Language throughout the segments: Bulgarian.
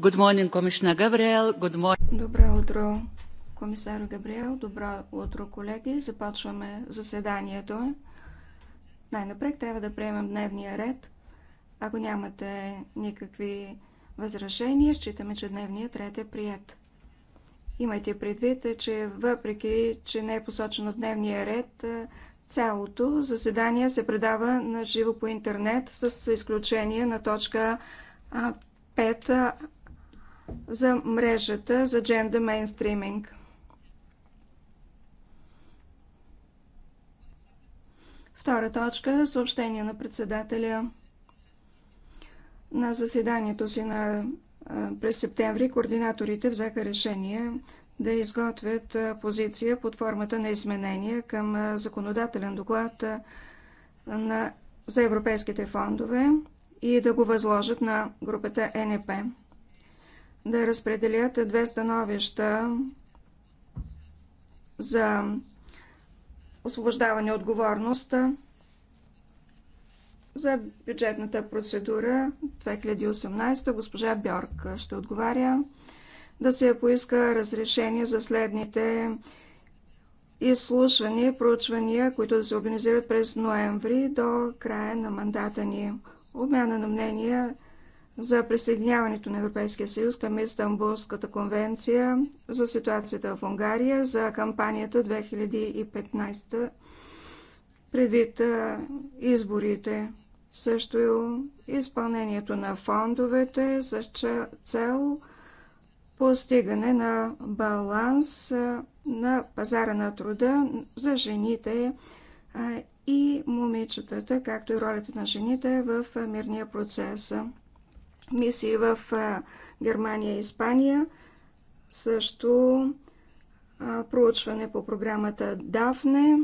Good morning, Commissioner Gabriel. Good morning. Добро утро, комисар Габриел. Добро утро, колеги. Започваме заседанието. Най-напред трябва да приемем дневния ред. Ако нямате никакви възражения, считаме, че дневният ред е прият. Имайте предвид, че въпреки, че не е посочено дневния ред, цялото заседание се предава на живо по интернет, с изключение на точка 5 за мрежата за джендър мейнстриминг. Втора точка – съобщение на председателя. На заседанието си на, през септември координаторите взеха решение да изготвят позиция под формата на изменения към законодателен доклад на, за европейските фондове и да го възложат на групата НП да разпределят две становища за освобождаване отговорност за бюджетната процедура 2018. Госпожа Бьорк ще отговаря да се поиска разрешение за следните изслушвания, проучвания, които да се организират през ноември до края на мандата ни. Обмяна на мнения за присъединяването на Европейския съюз към Истанбулската конвенция за ситуацията в Унгария за кампанията 2015 предвид изборите. Също и изпълнението на фондовете с цел постигане на баланс на пазара на труда за жените и момичетата, както и ролята на жените в мирния процес мисии в Германия и Испания, също проучване по програмата ДАФНЕ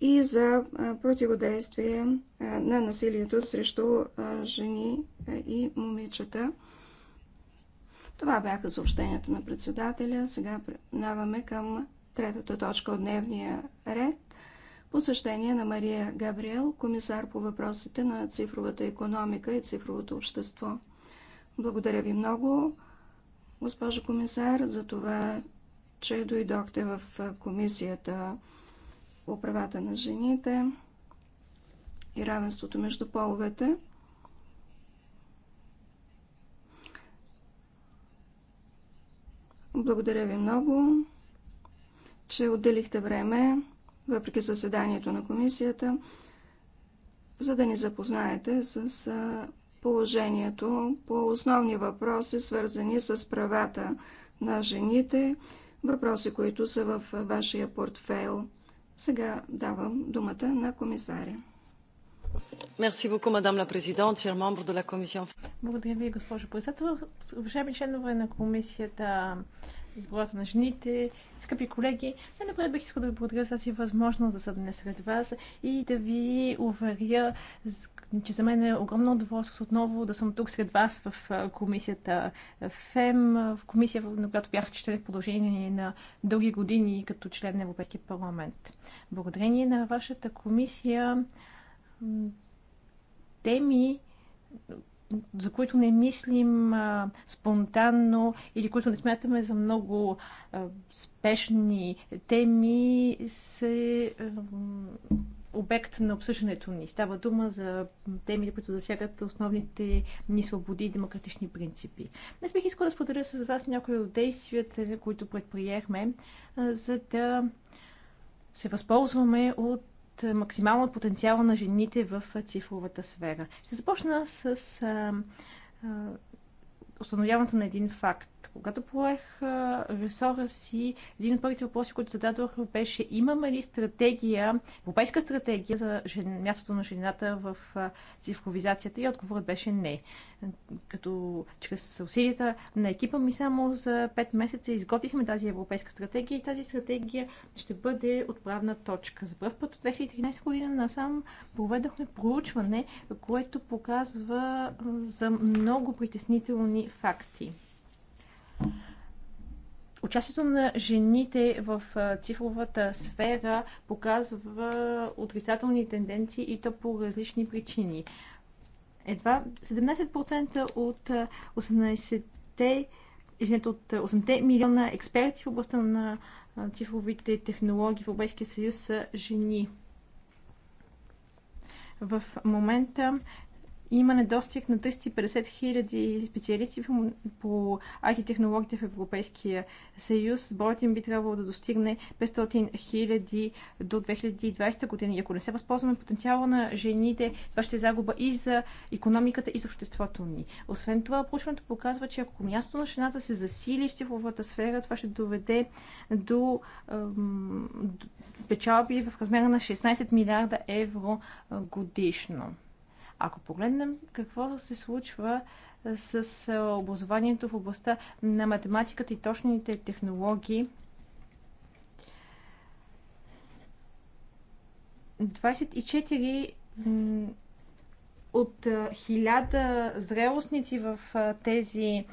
и за противодействие на насилието срещу жени и момичета. Това бяха съобщенията на председателя. Сега преминаваме към третата точка от дневния ред. Посещение на Мария Габриел, комисар по въпросите на цифровата економика и цифровото общество. Благодаря ви много, госпожо комисар, за това, че дойдохте в комисията по правата на жените и равенството между половете. Благодаря ви много, че отделихте време, въпреки съседанието на комисията, за да ни запознаете с положението по основни въпроси, свързани с правата на жените, въпроси, които са в вашия портфейл. Сега давам думата на комисаря. Благодаря ви, госпожо председател. Уважаеми членове на комисията избората на жените. Скъпи колеги, най напред бих искал да ви благодаря за тази възможност да съм днес сред вас и да ви уверя, че за мен е огромно удоволствие отново да съм тук сред вас в комисията ФЕМ, в комисия, на която бях член в продължение на дълги години като член на Европейския парламент. Благодарение на вашата комисия теми, за които не мислим а, спонтанно или които не смятаме за много а, спешни теми, се а, обект на обсъждането ни. Става дума за темите, които засягат основните ни свободи и демократични принципи. Днес бих искала да споделя с вас някои от действията, които предприехме, а, за да се възползваме от максимално от потенциала на жените в цифровата сфера. Ще започна с а, а, установяването на един факт. Когато поех ресора си, един от първите въпроси, които зададох, беше имаме ли стратегия, европейска стратегия за жен, мястото на жената в цифровизацията и отговорът беше не. Като чрез усилията на екипа ми само за 5 месеца изготвихме тази европейска стратегия и тази стратегия ще бъде отправна точка. За първ път от 2013 година насам проведохме проучване, което показва за много притеснителни факти. Участието на жените в цифровата сфера показва отрицателни тенденции и то по различни причини. Едва 17% от 18-те извинете, от 8 милиона експерти в областта на цифровите технологии в Европейския съюз са жени. В момента има недостиг на 350 000 специалисти по IT-технологиите в Европейския съюз. Броят им би трябвало да достигне 500 000 до 2020 година. И ако не се възползваме потенциала на жените, това ще е загуба и за економиката, и за обществото ни. Освен това, проучването показва, че ако място на жената се засили в цифровата сфера, това ще доведе до, до печалби в размера на 16 милиарда евро годишно. Ако погледнем какво се случва с образованието в областта на математиката и точните технологии, 24 от 1000 зрелостници в тези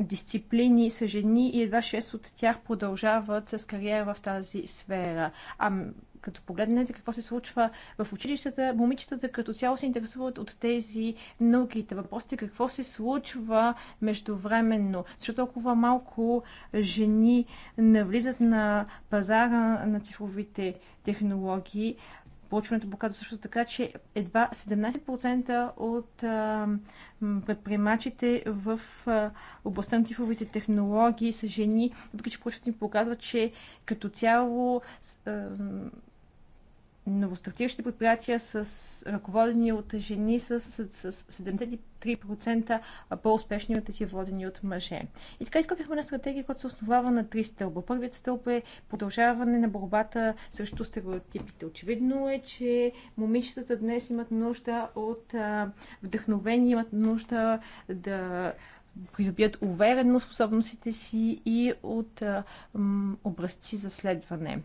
дисциплини са жени и едва 6 от тях продължават с кариера в тази сфера. А като погледнете какво се случва в училищата, момичетата като цяло се интересуват от тези науките. Въпросът е какво се случва междувременно, защото толкова малко жени навлизат на пазара на цифровите технологии. Получването показва също така, че едва 17% от а, предприемачите в а, областта на цифровите технологии са жени, въпреки че получването им показва, че като цяло а, новостартиращите предприятия с ръководени от жени с, с, с 73% по-успешни от тези водени от мъже. И така изкопихме на стратегия, която се основава на три стълба. Първият стълб е продължаване на борбата срещу стереотипите. Очевидно е, че момичетата днес имат нужда от а, вдъхновение, имат нужда да придобият увереност в способностите си и от а, м, образци за следване.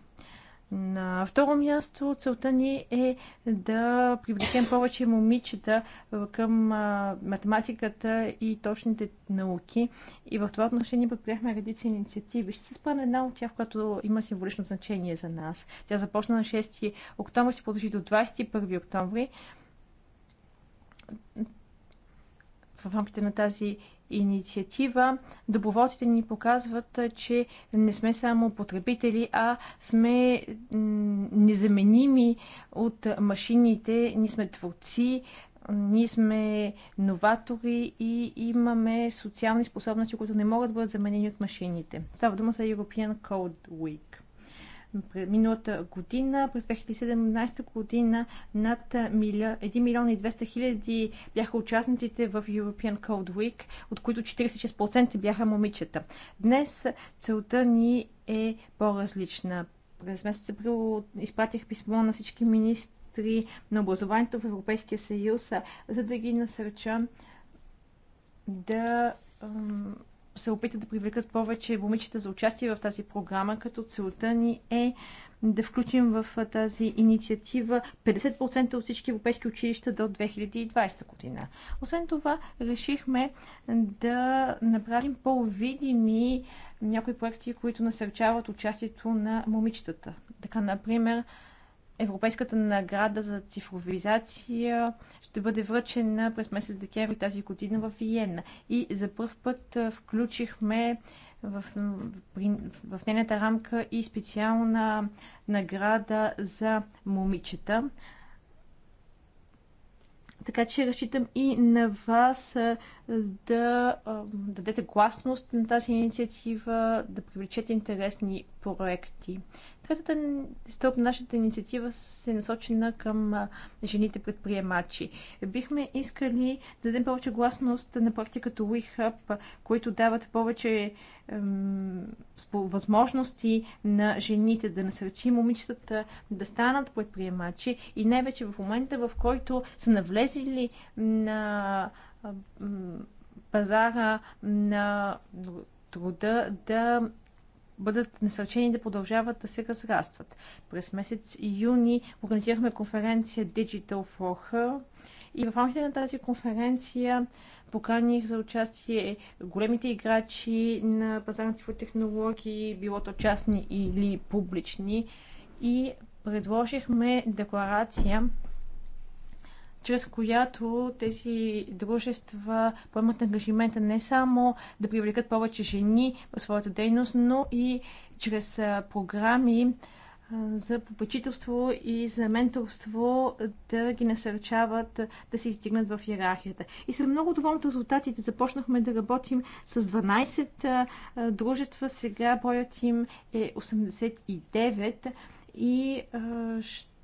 На второ място целта ни е да привлечем повече момичета към математиката и точните науки. И в това отношение предприехме редици инициативи. Ще се спра една от тях, която има символично значение за нас. Тя започна на 6 октомври, ще продължи до 21 октомври в рамките на тази инициатива, доброволците ни показват, че не сме само потребители, а сме незаменими от машините, ние сме творци, ние сме новатори и имаме социални способности, които не могат да бъдат заменени от машините. Става дума за European Code Week миналата година. През 2017 година над 1 милион и 200 хиляди бяха участниците в European Cold Week, от които 46% бяха момичета. Днес целта ни е по-различна. През месец април изпратих писмо на всички министри на образованието в Европейския съюз, за да ги насърча да се опитат да привлекат повече момичета за участие в тази програма, като целта ни е да включим в тази инициатива 50% от всички европейски училища до 2020 година. Освен това, решихме да направим по-видими някои проекти, които насърчават участието на момичетата. Така, например, Европейската награда за цифровизация ще бъде връчена през месец декември тази година в Виена. И за първ път включихме в, в, в нейната рамка и специална награда за момичета. Така че разчитам и на вас да дадете гласност на тази инициатива, да привлечете интересни проекти. Третата стълб на нашата инициатива се е насочена към жените предприемачи. Бихме искали да дадем повече гласност на практиката WeHub, които дават повече възможности на жените да насърчи момичетата да станат предприемачи и най-вече в момента, в който са навлезли на пазара на труда да бъдат насърчени да продължават да се разрастват. През месец юни организирахме конференция Digital for Her и в рамките на тази конференция поканих за участие големите играчи на пазара цифрови технологии, било то частни или публични, и предложихме декларация чрез която тези дружества поемат ангажимента не само да привлекат повече жени в своята дейност, но и чрез програми за попечителство и за менторство да ги насърчават да се издигнат в иерархията. И след много доволни резултатите. Започнахме да работим с 12 дружества, сега броят им е 89 и ще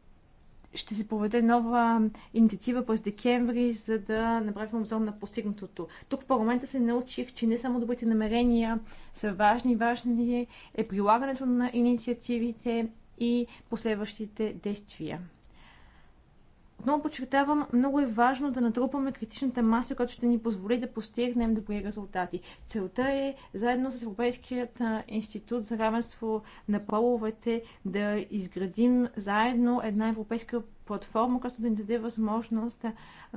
ще се проведе нова инициатива през декември, за да направим обзор на постигнатото. Тук в парламента се научих, че не само добрите намерения са важни, важни е прилагането на инициативите и последващите действия. Отново подчертавам, много е важно да натрупаме критичната маса, която ще ни позволи да постигнем добри резултати. Целта е, заедно с Европейският институт за равенство на половете, да изградим заедно една европейска платформа, която да ни даде възможност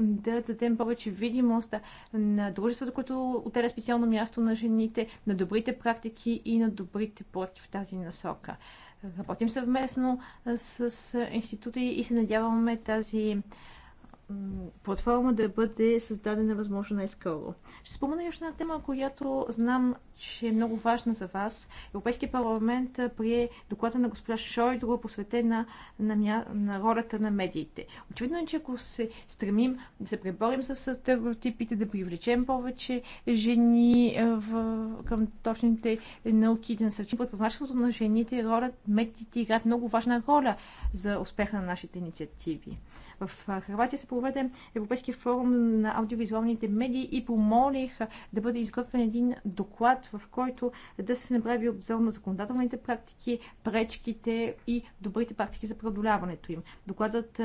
да дадем повече видимост на дружеството, което отделя специално място на жените, на добрите практики и на добрите проекти в тази насока. Работим съвместно с института и се надяваме тази платформа да бъде създадена възможно най-скоро. Ще спомена още една тема, която знам, че е много важна за вас. Европейския парламент прие доклада на госпожа Шойдро, посветена на, на, на ролята на медиите. Очевидно е, че ако се стремим да се преборим с стереотипите, да привлечем повече жени в, към точните науки, да насърчим предпринимателството на жените, ролят медиите играят много важна роля за успеха на нашите инициативи. В Хрватия се проведе Европейски форум на аудиовизуалните медии и помолих да бъде изготвен един доклад, в който да се направи обзор на законодателните практики, пречките и добрите практики за преодоляването им. Докладът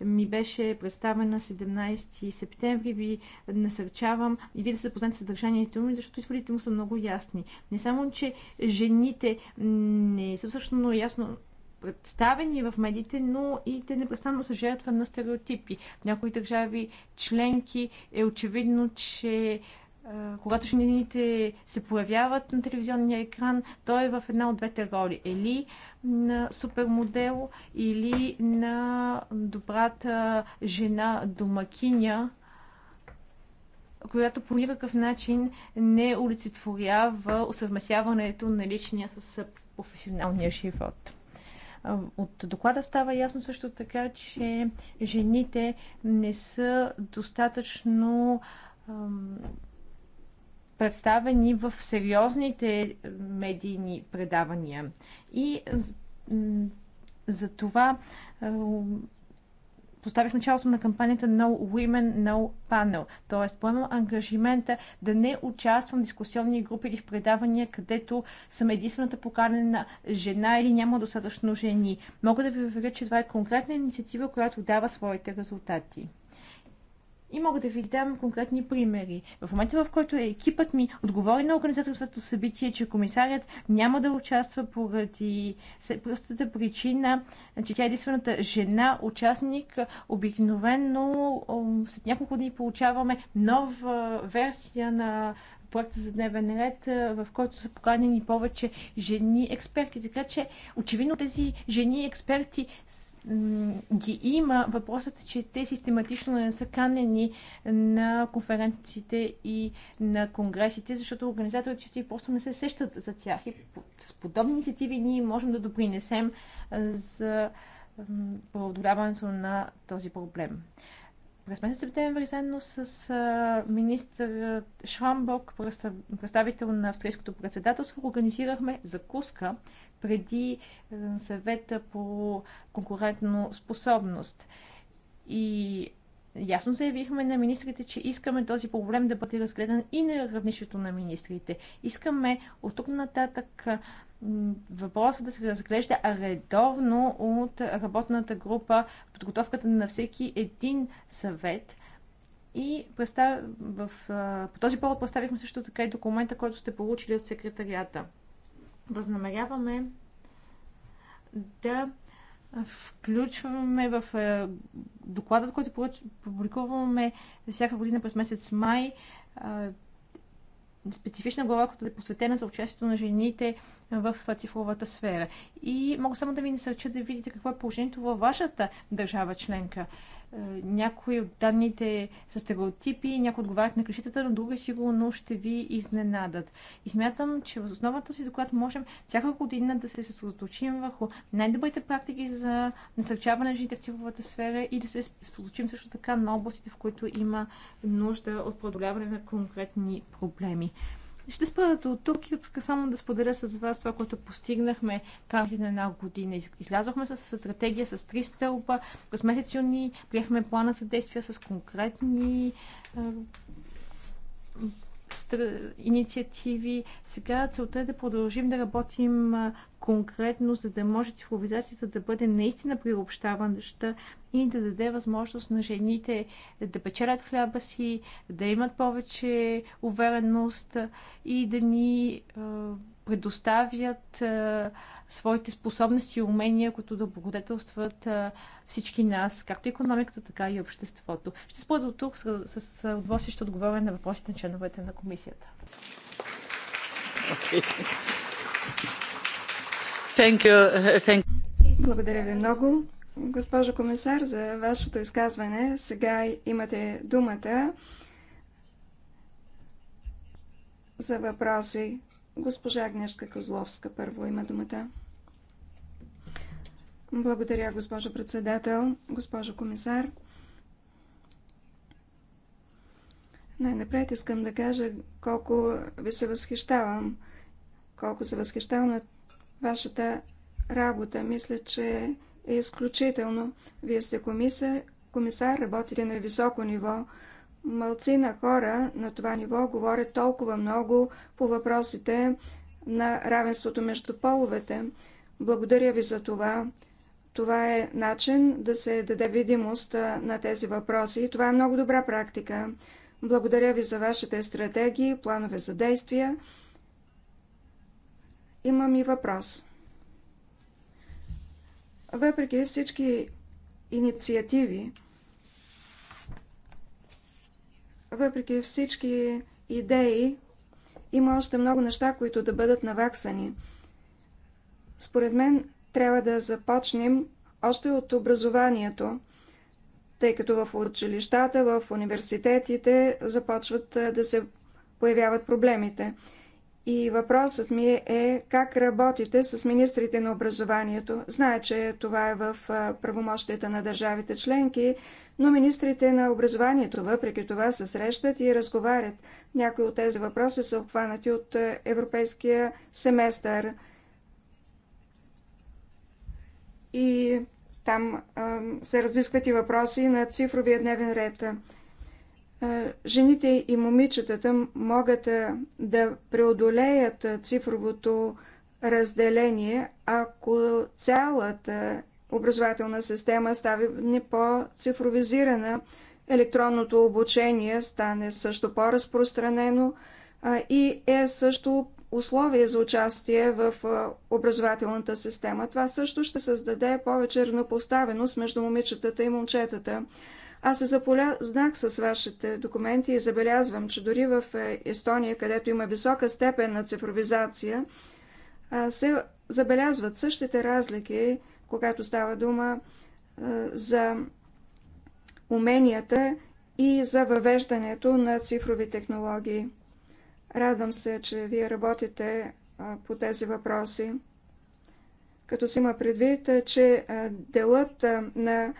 ми беше представен на 17 септември. Ви насърчавам и вие да се запознаете с съдържанието ми, защото изводите му са много ясни. Не само, че жените не са всъщност ясно представени в медиите, но и те непрестанно са жертва на стереотипи. В някои държави членки е очевидно, че когато жените се появяват на телевизионния екран, той е в една от двете роли. Или на супермодел, или на добрата жена домакиня, която по никакъв начин не олицетворява усъвместяването на личния с професионалния живот. От доклада става ясно също така, че жените не са достатъчно представени в сериозните медийни предавания. И за това поставих началото на кампанията No Women, No Panel. т.е. поемам ангажимента да не участвам в дискусионни групи или в предавания, където съм единствената поканена жена или няма достатъчно жени. Мога да ви уверя, че това е конкретна инициатива, която дава своите резултати. И мога да ви дам конкретни примери. В момента, в който екипът ми отговори на организаторството събитие, че комисарят няма да участва поради простата причина, че тя е единствената жена участник, обикновено след няколко дни получаваме нова версия на проекта за дневен ред, е, в който са поканени повече жени експерти. Така че, очевидно, тези жени експерти ги има. Въпросът е, че те систематично не са канени на конференциите и на конгресите, защото организаторите просто не се сещат за тях. И с подобни инициативи ние можем да допринесем за преодоляването на този проблем. През месец септември заедно с министър Шрамбок, представител на австрийското председателство, организирахме закуска преди е, съвета по конкурентно способност. И ясно заявихме на министрите, че искаме този проблем да бъде разгледан и на равнището на министрите. Искаме от тук нататък е, въпроса да се разглежда редовно от работната група, подготовката на всеки един съвет. И представ... в... Е, по този повод представихме също така и документа, който сте получили от секретарията възнамеряваме да включваме в е, докладът, който публикуваме всяка година през месец май, специфична глава, която е посветена за участието на жените в е, цифровата сфера. И мога само да ви насърча да видите какво е положението във вашата държава членка. Е, някои от данните са стереотипи, някои отговарят на клишетата, но други сигурно ще ви изненадат. И смятам, че в основата си доклад можем всяка година да се съсредоточим върху най-добрите практики за насърчаване на жените в цифровата сфера и да се съсредоточим също така на областите, в които има нужда от преодоляване на конкретни проблеми. Ще спра до тук и отска само да споделя с вас това, което постигнахме в рамките на една година. Излязохме с стратегия с три стълба. През месец юни приехме плана за действия с конкретни инициативи. Сега целта е да продължим да работим конкретно, за да може цифровизацията да бъде наистина приобщаваща и да даде възможност на жените да печелят хляба си, да имат повече увереност и да ни предоставят своите способности и умения, които да благодетелстват всички нас, както економиката, така и обществото. Ще от тук с, с, с удоволствие ще отговоря на въпросите на членовете на комисията. Okay. Thank you. Uh, thank you. Благодаря ви много. Госпожо комисар, за вашето изказване сега имате думата за въпроси Госпожа Агнешка Козловска първо има думата. Благодаря, госпожо председател, госпожо комисар. Най-напред искам да кажа колко ви се възхищавам, колко се възхищавам на вашата работа. Мисля, че е изключително. Вие сте комисар, комисар работите на високо ниво на хора на това ниво говорят толкова много по въпросите на равенството между половете. Благодаря ви за това. Това е начин да се даде видимост на тези въпроси. Това е много добра практика. Благодаря ви за вашите стратегии, планове за действия. Имам и въпрос. Въпреки всички инициативи, Въпреки всички идеи, има още много неща, които да бъдат наваксани. Според мен трябва да започнем още от образованието, тъй като в училищата, в университетите започват да се появяват проблемите. И въпросът ми е как работите с министрите на образованието. Знае, че това е в правомощията на държавите членки, но министрите на образованието въпреки това се срещат и разговарят. Някои от тези въпроси са обхванати от европейския семестър. И там се разискват и въпроси на цифровия дневен ред жените и момичетата могат да преодолеят цифровото разделение, ако цялата образователна система не по-цифровизирана, електронното обучение стане също по-разпространено и е също условие за участие в образователната система. Това също ще създаде повече равнопоставеност между момичетата и момчетата. Аз се запознах с вашите документи и забелязвам, че дори в е, Естония, където има висока степен на цифровизация, се забелязват същите разлики, когато става дума е, за уменията и за въвеждането на цифрови технологии. Радвам се, че вие работите е, по тези въпроси, като се има предвид, че делът на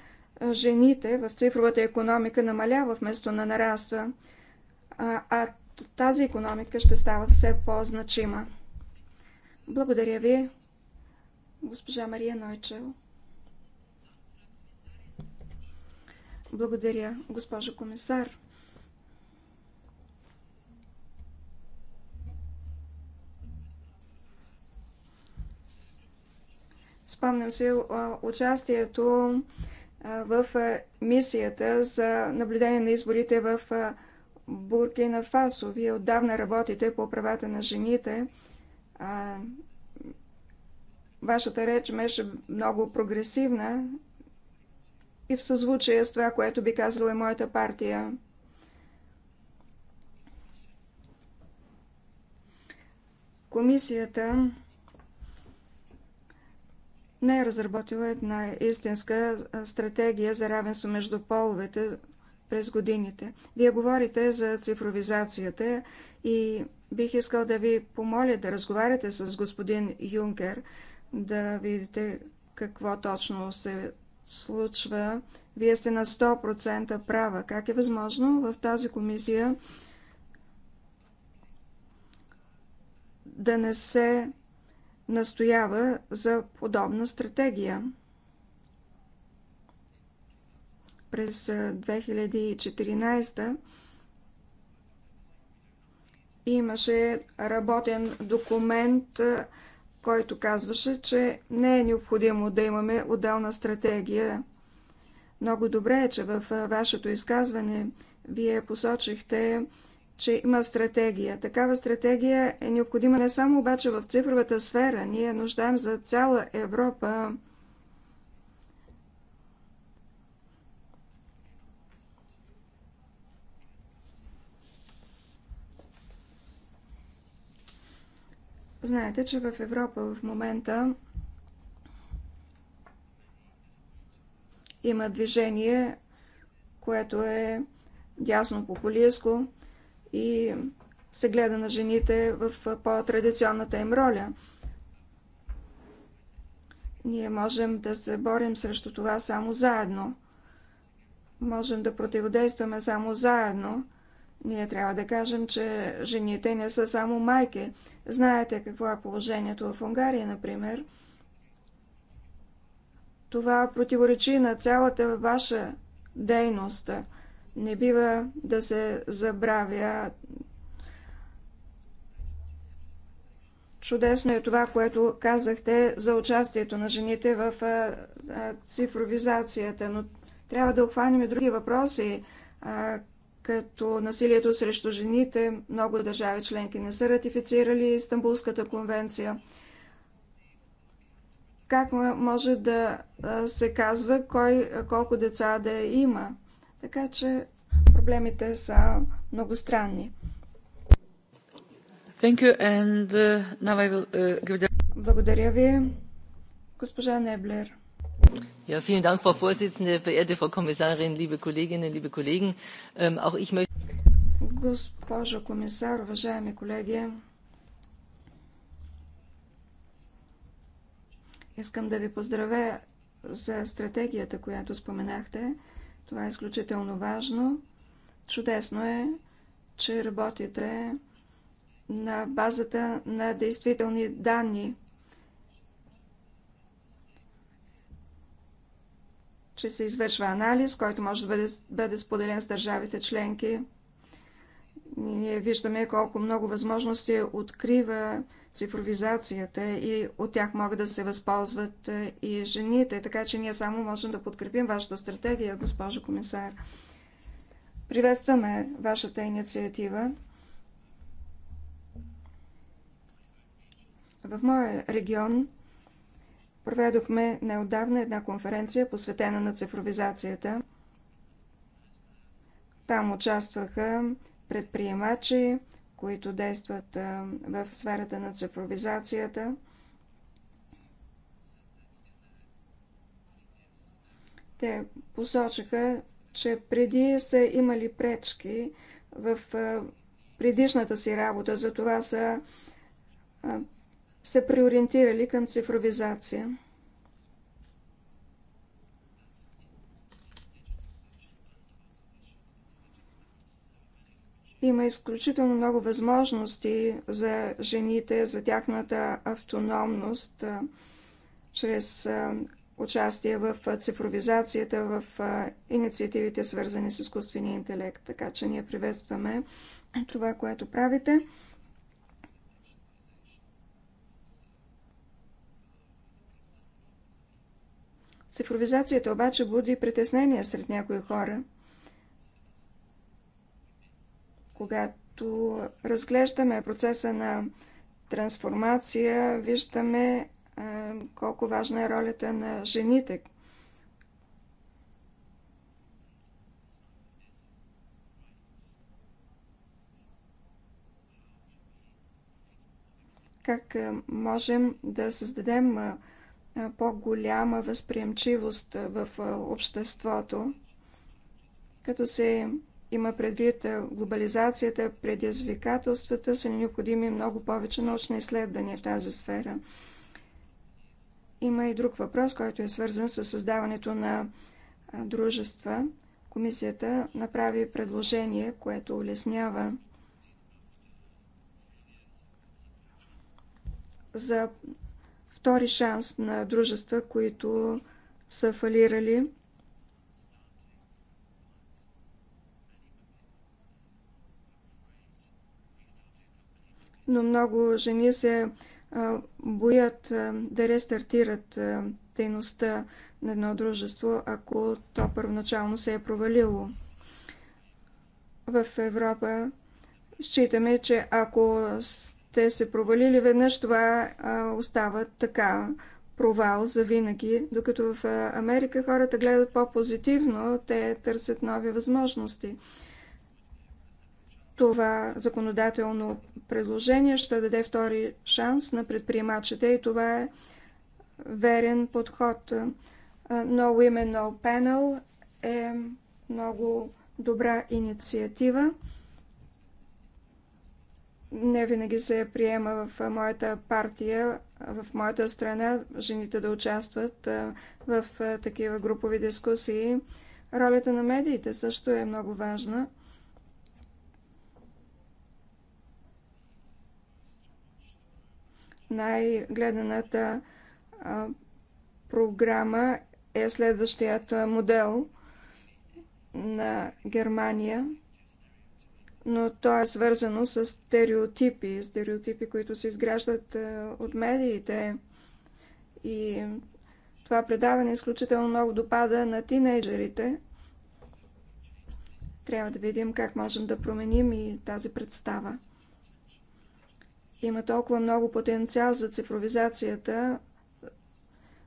жените в цифровата економика намалява вместо на нараства, а, а тази економика ще става все по-значима. Благодаря ви, госпожа Мария Нойчел. Благодаря, госпожо комисар. Спомням се участието в мисията за наблюдение на изборите в Буркина Фасо. Вие отдавна работите по правата на жените. Вашата реч беше много прогресивна и в съзвучие с това, което би казала моята партия. Комисията не е разработила една истинска стратегия за равенство между половете през годините. Вие говорите за цифровизацията и бих искал да ви помоля да разговаряте с господин Юнкер, да видите какво точно се случва. Вие сте на 100% права. Как е възможно в тази комисия да не се настоява за подобна стратегия. През 2014 имаше работен документ, който казваше, че не е необходимо да имаме отделна стратегия. Много добре е, че в вашето изказване вие посочихте че има стратегия. Такава стратегия е необходима не само обаче в цифровата сфера. Ние нуждаем за цяла Европа Знаете, че в Европа в момента има движение, което е дясно популистско и се гледа на жените в по-традиционната им роля. Ние можем да се борим срещу това само заедно. Можем да противодействаме само заедно. Ние трябва да кажем, че жените не са само майки. Знаете какво е положението в Унгария, например. Това противоречи на цялата ваша дейност. Не бива да се забравя. Чудесно е това, което казахте за участието на жените в цифровизацията, но трябва да обхванем и други въпроси, като насилието срещу жените. Много държави членки не са ратифицирали Истанбулската конвенция. Как може да се казва кой колко деца да има? Така че проблемите са многостранни. Uh, uh, the... Благодаря ви, госпожа Неблер. Ja, vielen Dank, Frau Vorsitzende, verehrte Frau Kommissarin, liebe Kolleginnen, liebe Kollegen. Ähm, auch ich möchte. Госпожо комисар, уважаеми колеги, искам да ви поздравя за стратегията, която споменахте. Това е изключително важно. Чудесно е, че работите на базата на действителни данни, че се извършва анализ, който може да бъде, бъде споделен с държавите членки. Ние виждаме колко много възможности открива цифровизацията и от тях могат да се възползват е, и жените, така че ние само можем да подкрепим вашата стратегия, госпожо комисар. Приветстваме вашата инициатива. В моя регион проведохме неодавна една конференция, посветена на цифровизацията. Там участваха предприемачи, които действат в сферата на цифровизацията. Те посочиха, че преди са имали пречки в предишната си работа, затова са се преориентирали към цифровизация. Има изключително много възможности за жените, за тяхната автономност чрез участие в цифровизацията, в инициативите свързани с изкуствения интелект. Така че ние приветстваме това, което правите. Цифровизацията обаче буди притеснение сред някои хора – когато разглеждаме процеса на трансформация, виждаме е, колко важна е ролята на жените. Как е, можем да създадем е, по-голяма възприемчивост в обществото, като се има предвид е, глобализацията, предизвикателствата, са необходими много повече научни изследвания в тази сфера. Има и друг въпрос, който е свързан с създаването на дружества. Комисията направи предложение, което улеснява за втори шанс на дружества, които са фалирали но много жени се боят да рестартират дейността на едно дружество, ако то първоначално се е провалило. В Европа считаме, че ако сте се провалили веднъж, това остава така провал за винаги, докато в Америка хората гледат по-позитивно, те търсят нови възможности. Това законодателно предложение ще даде втори шанс на предприемачите и това е верен подход. No Women No Panel е много добра инициатива. Не винаги се приема в моята партия, в моята страна, жените да участват в такива групови дискусии. Ролята на медиите също е много важна. най-гледаната програма е следващият модел на Германия, но то е свързано с стереотипи, стереотипи, които се изграждат от медиите. И това предаване изключително много допада на тинейджерите. Трябва да видим как можем да променим и тази представа. Има толкова много потенциал за цифровизацията,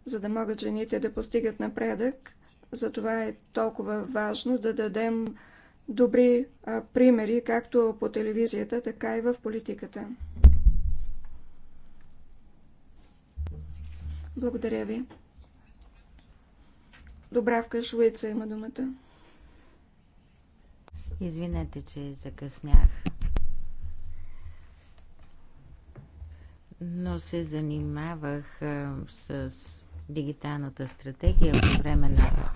за да могат жените да постигат напредък. Затова е толкова важно да дадем добри а, примери, както по телевизията, така и в политиката. Благодаря ви. Добравка Швейца има думата. Извинете, че закъснях. но се занимавах с дигиталната стратегия по време на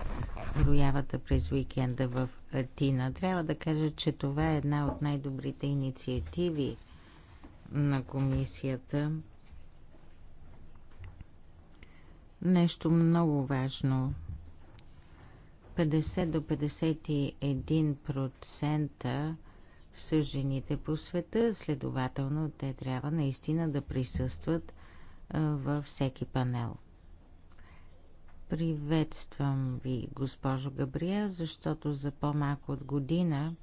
проявата през уикенда в Атина. Трябва да кажа, че това е една от най-добрите инициативи на комисията. Нещо много важно. 50 до 51% с жените по света. Следователно, те трябва наистина да присъстват във всеки панел. Приветствам ви, госпожо Габриел, защото за по-малко от година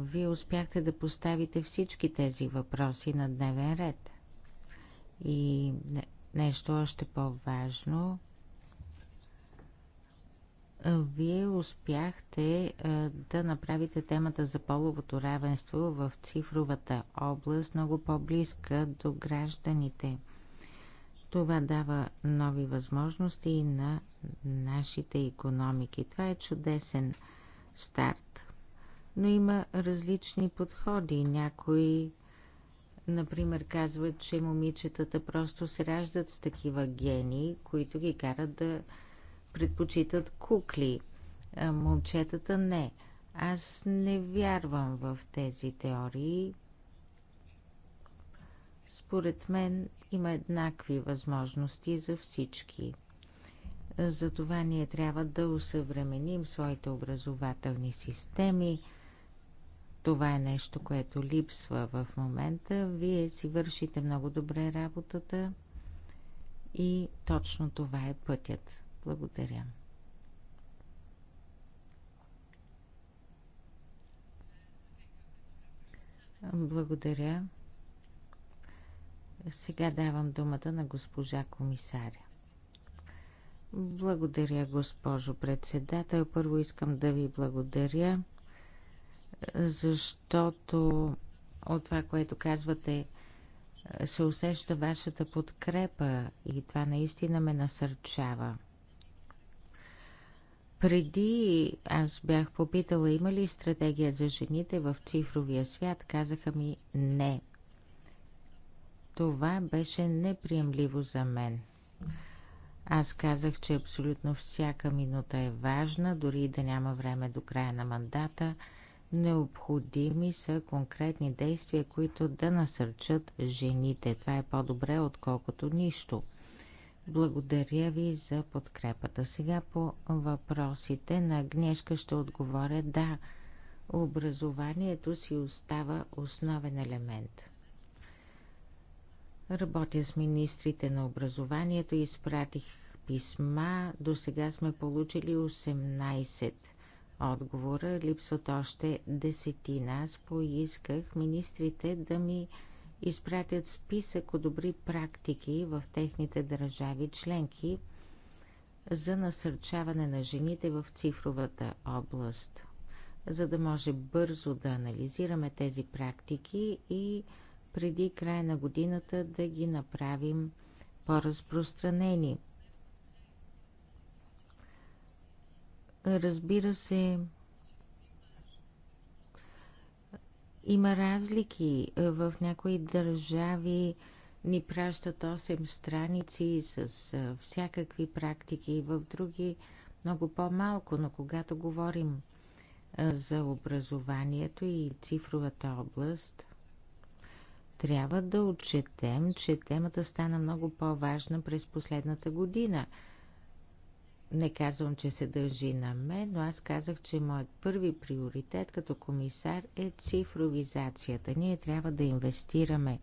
вие успяхте да поставите всички тези въпроси на дневен ред. И нещо още по-важно – вие успяхте да направите темата за половото равенство в цифровата област много по-близка до гражданите. Това дава нови възможности на нашите економики. Това е чудесен старт. Но има различни подходи. Някои, например, казват, че момичетата просто се раждат с такива гени, които ги карат да предпочитат кукли, а момчетата не. Аз не вярвам в тези теории. Според мен има еднакви възможности за всички. Затова ние трябва да усъвременим своите образователни системи. Това е нещо, което липсва в момента. Вие си вършите много добре работата и точно това е пътят. Благодаря. Благодаря. Сега давам думата на госпожа комисаря. Благодаря, госпожо председател. Първо искам да ви благодаря, защото от това, което казвате, се усеща вашата подкрепа и това наистина ме насърчава. Преди аз бях попитала има ли стратегия за жените в цифровия свят, казаха ми не. Това беше неприемливо за мен. Аз казах, че абсолютно всяка минута е важна, дори да няма време до края на мандата. Необходими са конкретни действия, които да насърчат жените. Това е по-добре, отколкото нищо. Благодаря ви за подкрепата. Сега по въпросите на Гнешка ще отговоря да. Образованието си остава основен елемент. Работя с министрите на образованието, и изпратих писма. До сега сме получили 18 отговора, липсват още десетина. Аз поисках министрите да ми изпратят списък от добри практики в техните държави членки за насърчаване на жените в цифровата област, за да може бързо да анализираме тези практики и преди края на годината да ги направим по-разпространени. Разбира се, Има разлики. В някои държави ни пращат 8 страници с всякакви практики, в други много по-малко, но когато говорим за образованието и цифровата област, трябва да отчетем, че темата стана много по-важна през последната година – не казвам, че се дължи на мен, но аз казах, че моят първи приоритет като комисар е цифровизацията. Ние трябва да инвестираме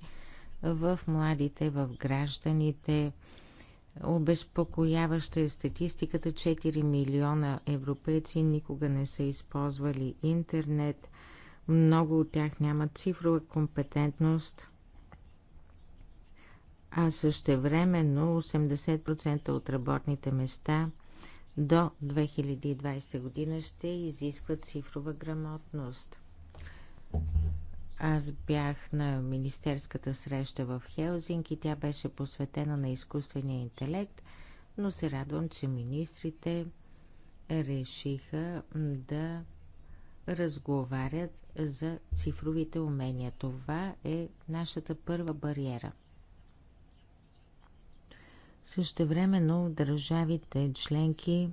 в младите, в гражданите. Обезпокояваща е статистиката. 4 милиона европейци никога не са използвали интернет. Много от тях нямат цифрова компетентност а също времено 80% от работните места до 2020 година ще изискват цифрова грамотност. Аз бях на министерската среща в Хелзинг и Тя беше посветена на изкуствения интелект, но се радвам, че министрите решиха да разговарят за цифровите умения. Това е нашата първа бариера – Същевременно държавите членки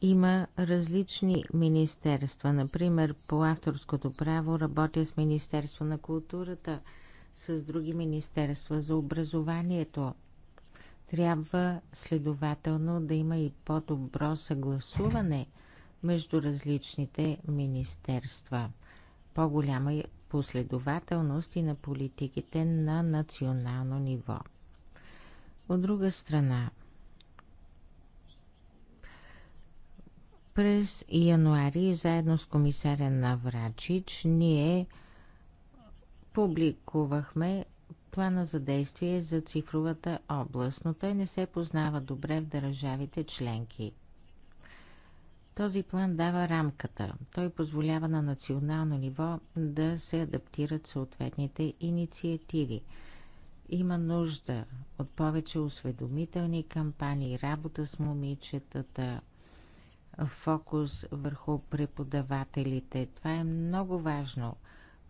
има различни министерства. Например, по авторското право работя с Министерство на културата, с други министерства за образованието. Трябва следователно да има и по-добро съгласуване между различните министерства. По-голяма е последователност и на политиките на национално ниво. От друга страна, през януари заедно с комисаря Наврачич ние публикувахме плана за действие за цифровата област, но той не се познава добре в държавите членки. Този план дава рамката. Той позволява на национално ниво да се адаптират съответните инициативи – има нужда от повече осведомителни кампании, работа с момичетата, фокус върху преподавателите. Това е много важно.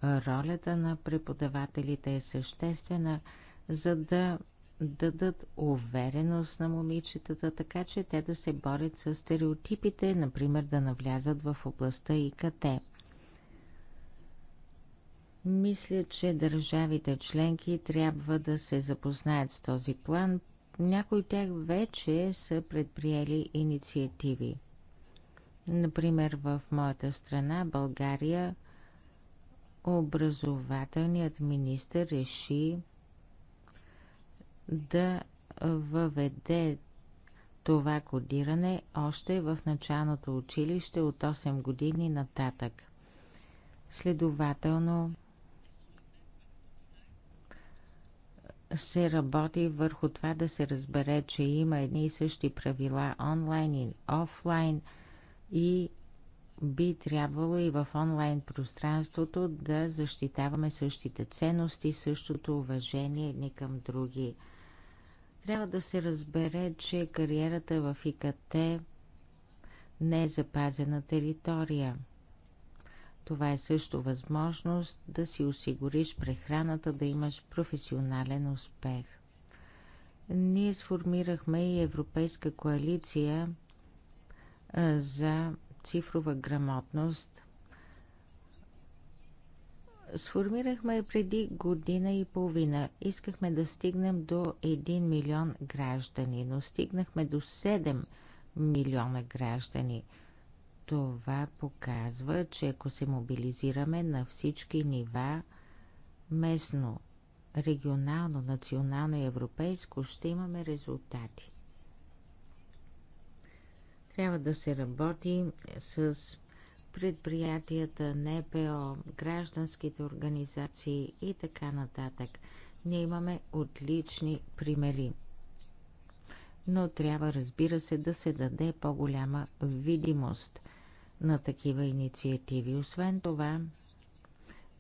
Ролята на преподавателите е съществена, за да дадат увереност на момичетата, така че те да се борят с стереотипите, например да навлязат в областта и мисля, че държавите членки трябва да се запознаят с този план. Някои от тях вече са предприели инициативи. Например, в моята страна, България, образователният министр реши да въведе това кодиране още в началното училище от 8 години нататък. Следователно, се работи върху това да се разбере, че има едни и същи правила онлайн и офлайн и би трябвало и в онлайн пространството да защитаваме същите ценности, същото уважение едни към други. Трябва да се разбере, че кариерата в ИКТ не е запазена територия – това е също възможност да си осигуриш прехраната, да имаш професионален успех. Ние сформирахме и Европейска коалиция за цифрова грамотност. Сформирахме преди година и половина. Искахме да стигнем до 1 милион граждани, но стигнахме до 7 милиона граждани – това показва, че ако се мобилизираме на всички нива, местно, регионално, национално и европейско, ще имаме резултати. Трябва да се работи с предприятията, НПО, гражданските организации и така нататък. Ние имаме отлични примери. Но трябва, разбира се, да се даде по-голяма видимост – на такива инициативи. Освен това,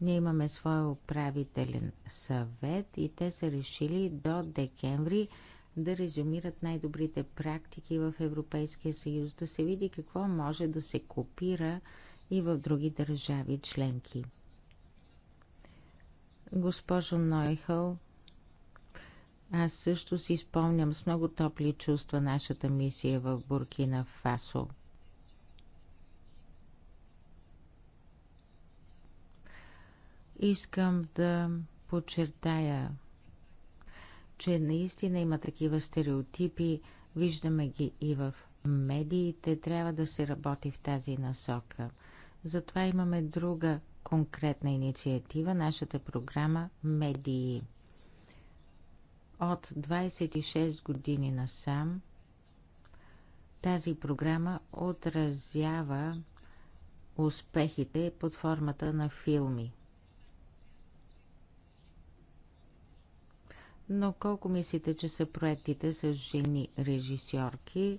ние имаме своя управителен съвет и те са решили до декември да резюмират най-добрите практики в Европейския съюз, да се види какво може да се копира и в други държави членки. Госпожо Нойхъл, аз също си спомням с много топли чувства нашата мисия в Буркина Фасо – Искам да подчертая, че наистина има такива стереотипи, виждаме ги и в медиите, трябва да се работи в тази насока. Затова имаме друга конкретна инициатива, нашата програма Медии. От 26 години насам тази програма отразява успехите под формата на филми – Но колко мислите, че са проектите с жени режисьорки?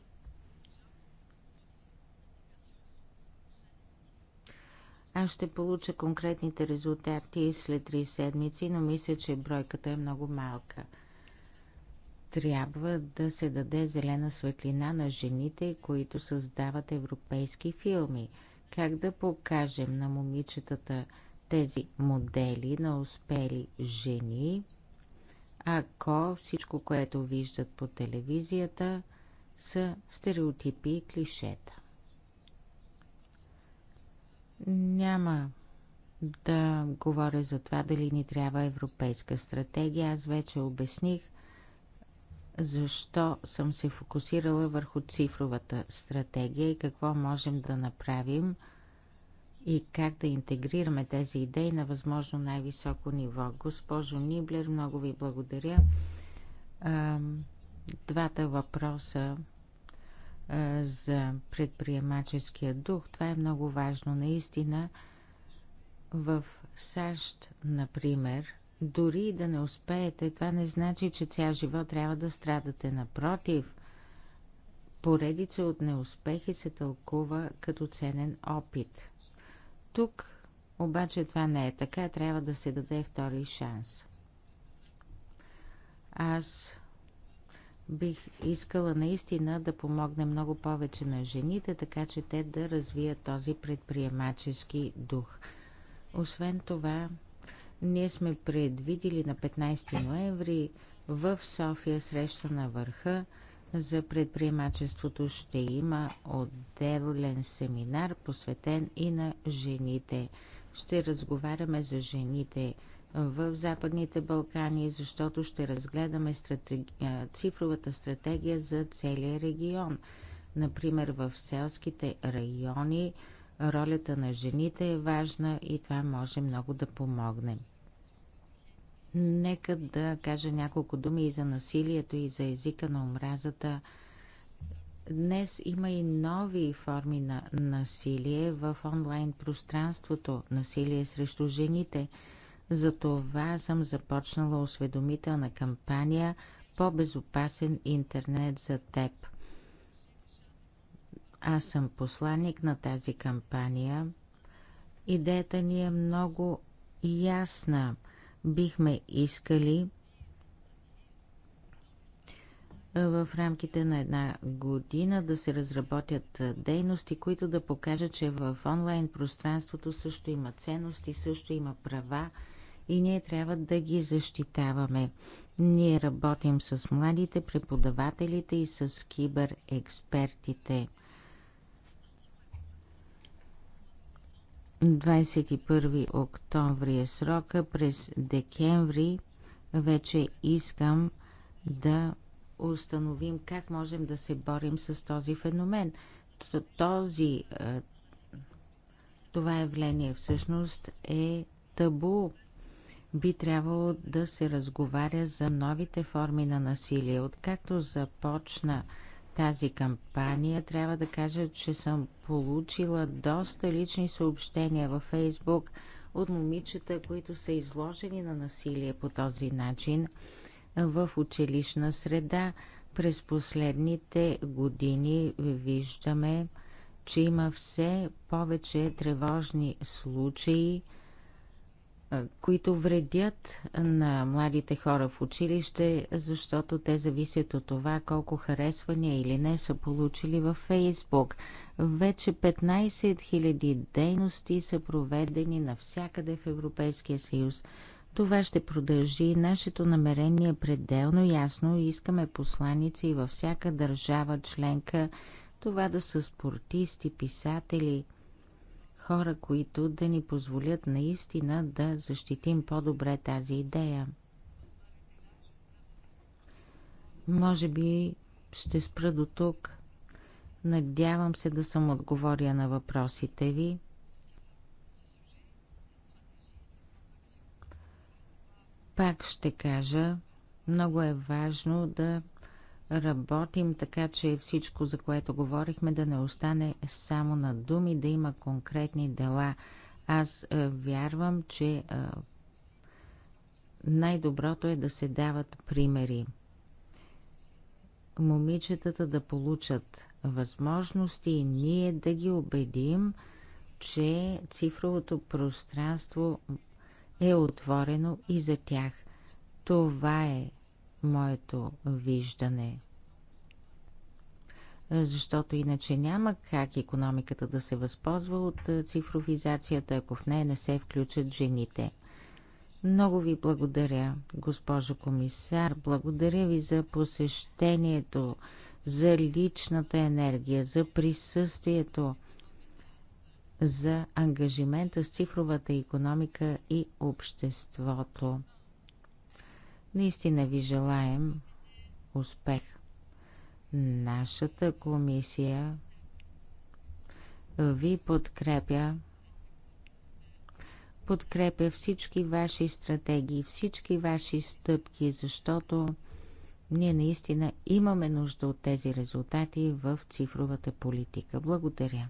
Аз ще получа конкретните резултати след 3 седмици, но мисля, че бройката е много малка. Трябва да се даде зелена светлина на жените, които създават европейски филми. Как да покажем на момичетата тези модели на успели жени – ако всичко, което виждат по телевизията, са стереотипи и клишета. Няма да говоря за това дали ни трябва европейска стратегия. Аз вече обясних защо съм се фокусирала върху цифровата стратегия и какво можем да направим – и как да интегрираме тези идеи на възможно най-високо ниво. Госпожо Ниблер, много ви благодаря. Двата въпроса за предприемаческия дух, това е много важно. Наистина, в САЩ, например, дори да не успеете, това не значи, че цял живот трябва да страдате. Напротив, поредица от неуспехи се тълкува като ценен опит – тук обаче това не е така, трябва да се даде втори шанс. Аз бих искала наистина да помогне много повече на жените, така че те да развият този предприемачески дух. Освен това, ние сме предвидили на 15 ноември в София среща на върха за предприемачеството ще има отделен семинар, посветен и на жените. Ще разговаряме за жените в Западните Балкани, защото ще разгледаме стратеги... цифровата стратегия за целия регион. Например, в селските райони ролята на жените е важна и това може много да помогне. Нека да кажа няколко думи и за насилието, и за езика на омразата. Днес има и нови форми на насилие в онлайн пространството, насилие срещу жените. За това съм започнала осведомителна кампания по-безопасен интернет за теб. Аз съм посланник на тази кампания. Идеята ни е много ясна – бихме искали в рамките на една година да се разработят дейности, които да покажат, че в онлайн пространството също има ценности, също има права и ние трябва да ги защитаваме. Ние работим с младите преподавателите и с киберекспертите. 21 октомври е срока. През декември вече искам да установим как можем да се борим с този феномен. Този, това явление всъщност е табу. Би трябвало да се разговаря за новите форми на насилие. Откакто започна тази кампания, трябва да кажа, че съм получила доста лични съобщения във Фейсбук от момичета, които са изложени на насилие по този начин в училищна среда. През последните години виждаме, че има все повече тревожни случаи които вредят на младите хора в училище, защото те зависят от това колко харесвания или не са получили във Фейсбук. Вече 15 000 дейности са проведени навсякъде в Европейския съюз. Това ще продължи. Нашето намерение е пределно ясно. Искаме посланици във всяка държава членка. Това да са спортисти, писатели – хора, които да ни позволят наистина да защитим по-добре тази идея. Може би ще спра до тук. Надявам се да съм отговоря на въпросите ви. Пак ще кажа, много е важно да работим така, че всичко, за което говорихме, да не остане само на думи, да има конкретни дела. Аз е, вярвам, че е, най-доброто е да се дават примери. Момичетата да получат възможности и ние да ги убедим, че цифровото пространство е отворено и за тях. Това е моето виждане. Защото иначе няма как економиката да се възползва от цифровизацията, ако в нея не се включат жените. Много ви благодаря, госпожо комисар. Благодаря ви за посещението, за личната енергия, за присъствието, за ангажимента с цифровата економика и обществото. Наистина ви желаем успех. Нашата комисия ви подкрепя подкрепя всички ваши стратегии, всички ваши стъпки, защото ние наистина имаме нужда от тези резултати в цифровата политика. Благодаря.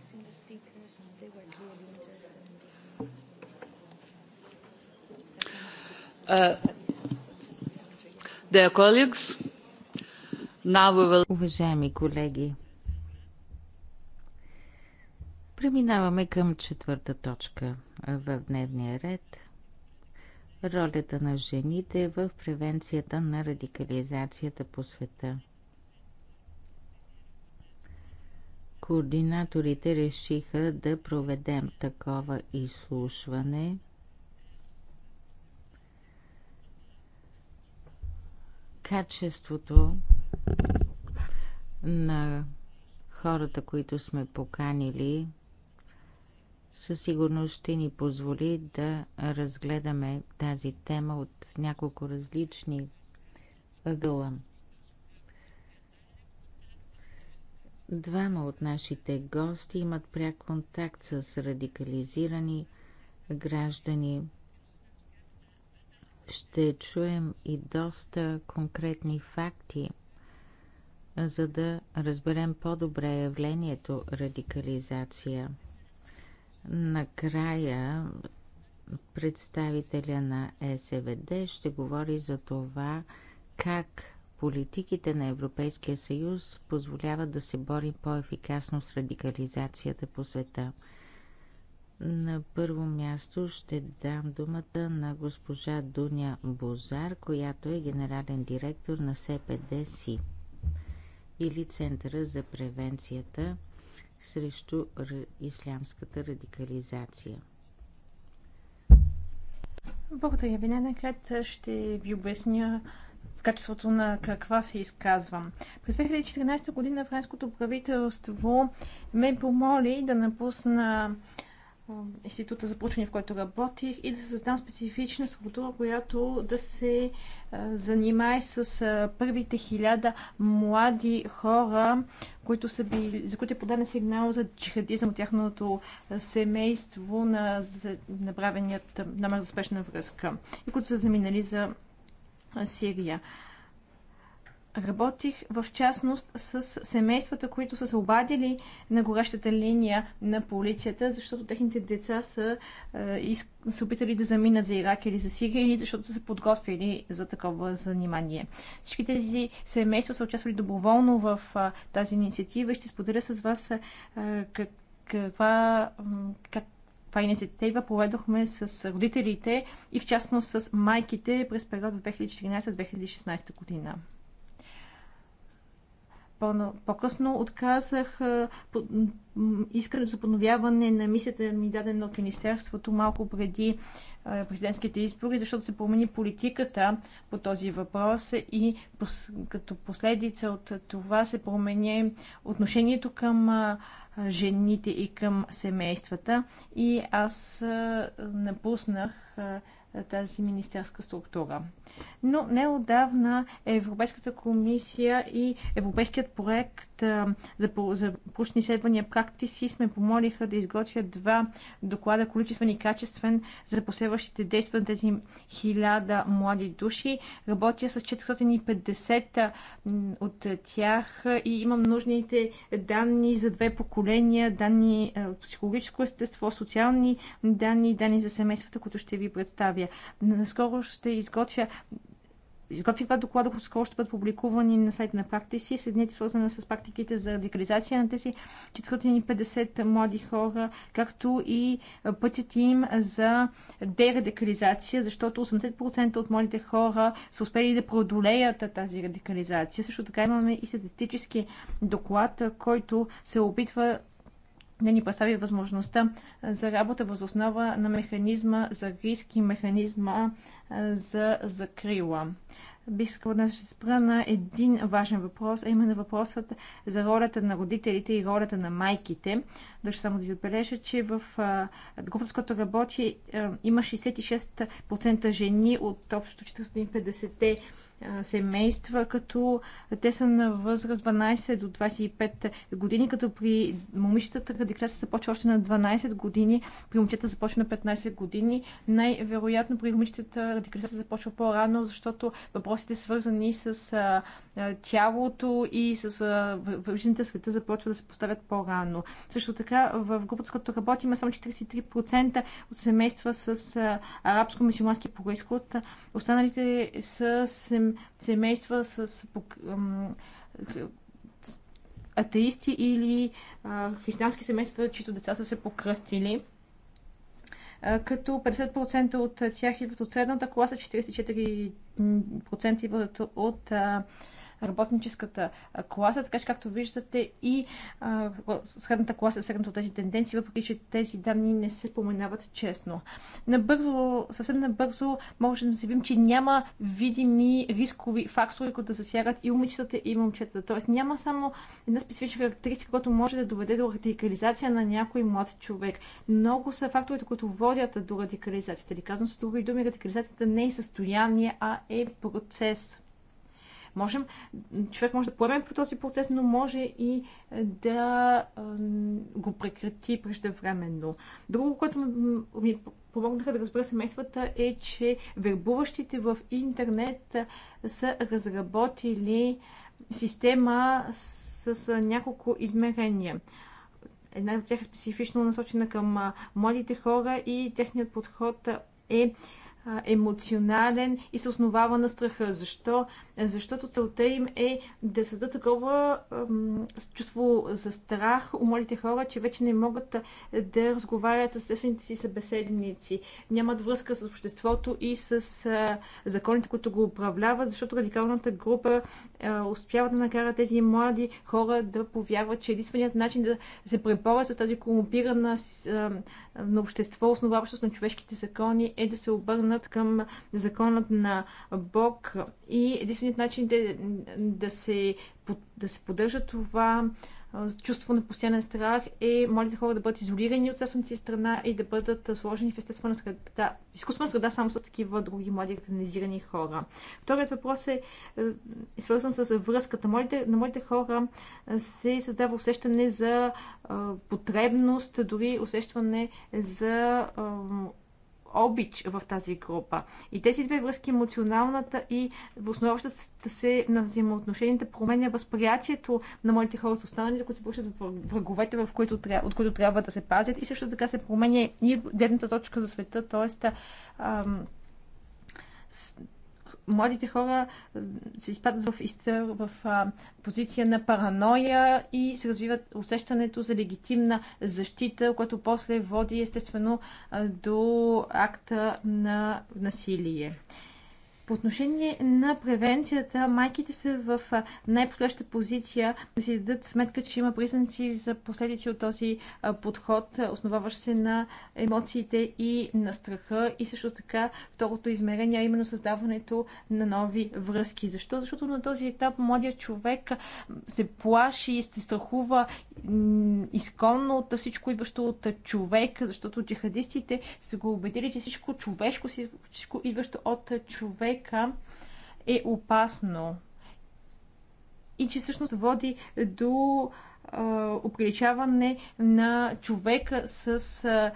the speakers, and they were uh, Dear colleagues, now we will... Уважаеми колеги, преминаваме към четвърта точка в дневния ред. Ролята на жените в превенцията на радикализацията по света – Координаторите решиха да проведем такова изслушване. Качеството на хората, които сме поканили, със сигурност ще ни позволи да разгледаме тази тема от няколко различни ъгъла. Двама от нашите гости имат пряк контакт с радикализирани граждани. Ще чуем и доста конкретни факти, за да разберем по-добре явлението радикализация. Накрая представителя на СВД ще говори за това как Политиките на Европейския съюз позволяват да се борим по-ефикасно с радикализацията по света. На първо място ще дам думата на госпожа Дуня Бозар, която е генерален директор на СПД-СИ или Центъра за превенцията срещу ислямската радикализация. Благодаря ви. Най-накрат ще ви обясня качеството на каква се изказвам. През 2014 година френското правителство ме помоли да напусна института за проучване, в който работих, и да създам специфична структура, която да се занимае с първите хиляда млади хора, които са били, за които е подаден сигнал за джихадизъм от тяхното семейство на направеният номер за спешна връзка и които са заминали за Сирия. Работих в частност с семействата, които са се обадили на горещата линия на полицията, защото техните деца са е, се опитали да заминат за Ирак или за Сирия, или защото са се подготвили за такова занимание. Всички тези семейства са участвали доброволно в е, тази инициатива и ще споделя с вас е, как, каква, как, каква инициатива проведохме с родителите и в частност с майките през периода 2014-2016 година. По-късно отказах искането за подновяване на мисията ми дадена от Министерството малко преди президентските избори, защото се промени политиката по този въпрос и като последица от това се промени отношението към жените и към семействата. И аз напуснах е, тази министерска структура. Но неодавна Европейската комисия и Европейският проект е, за, за проучни изследвания практици сме помолиха да изготвят два доклада, количествен и качествен, за последващите действия на тези хиляда млади души. Работя с 450 е, от тях и имам нужните данни за две поколения, данни от психологическо естество, социални данни, данни за семействата, които ще ви представя развитие. Наскоро ще изготвя изготвя два доклада, които скоро ще бъдат публикувани на сайта на практици. След Седните свързана с практиките за радикализация на тези 450 млади хора, както и пътят им за дерадикализация, защото 80% от младите хора са успели да преодолеят тази радикализация. Също така имаме и статистически доклад, който се опитва не ни представи възможността за работа въз основа на механизма за риск и механизма за закрила. Бих искала да се спра на един важен въпрос, а именно въпросът за ролята на родителите и ролята на майките. Държа само да ви отбележа, че в групата, с която работи, има 66% жени от общо 450 семейства, като те са на възраст 12 до 25 години, като при момичетата радикляция започва още на 12 години, при момчета започва на 15 години. Най-вероятно при момичетата радикляция започва по-рано, защото въпросите свързани с а, тялото и с външните света започват да се поставят по-рано. Също така в групата, с която работим, само 43% от семейства с арабско-мусулмански происход. Останалите са семейства семейства с атеисти или християнски семейства, чието деца са се покръстили като 50% от тях идват от средната класа, 44% идват от работническата класа. Така че, както виждате, и а, средната класа е средната от тези тенденции, въпреки че тези данни не се споменават честно. Набързо, съвсем набързо, можем да се видим, че няма видими рискови фактори, които да засягат и момичетата, и момчетата. Тоест няма само една специфична характеристика, която може да доведе до радикализация на някой млад човек. Много са факторите, които водят до радикализацията. Или казвам с други думи, радикализацията не е състояние, а е процес. Можем, човек може да поеме по този процес, но може и е, да е, го прекрати преждевременно. Друго, което ми помогнаха да разбера семействата е, че вербуващите в интернет е, са разработили система с, с няколко измерения. Една от тях е специфично насочена към младите хора и техният подход е емоционален и се основава на страха. Защо? Защото целта им е да създадат такова чувство за страх у младите хора, че вече не могат да разговарят с естествените си събеседници, нямат връзка с обществото и с законите, които го управляват, защото радикалната група успява да накара тези млади хора да повярват, че единственият начин да се преборят с тази корумпирана на общество, основаващо на човешките закони, е да се обърнат към законът на Бог и единственият начин да, да, се, да се поддържа това чувство на постоянен страх е младите хора да бъдат изолирани от собствената си страна и да бъдат сложени в естествена среда, изкуствена среда само с такива други млади организирани хора. Вторият въпрос е, е свързан с връзката. Младите, на младите хора се създава усещане за потребност, дори усещане за обич в тази група. И тези две връзки, емоционалната и основаващата се на взаимоотношенията, променя възприятието на моите хора с останалите, които се връщат в враговете, в които, от които трябва да се пазят. И също така се променя и гледната точка за света, т.е младите хора се изпадат в, истер, в а, позиция на параноя и се развиват усещането за легитимна защита, което после води естествено до акта на насилие. По отношение на превенцията, майките са в най-подходяща позиция да си дадат сметка, че има признаци за последици от този подход, основаващ се на емоциите и на страха и също така второто измерение, а е именно създаването на нови връзки. Защо? Защото на този етап младият човек се плаши и се страхува изконно от всичко идващо от човек, защото джихадистите са го убедили, че всичко човешко, всичко идващо от човек човека е опасно и че всъщност води до обличаване на човека с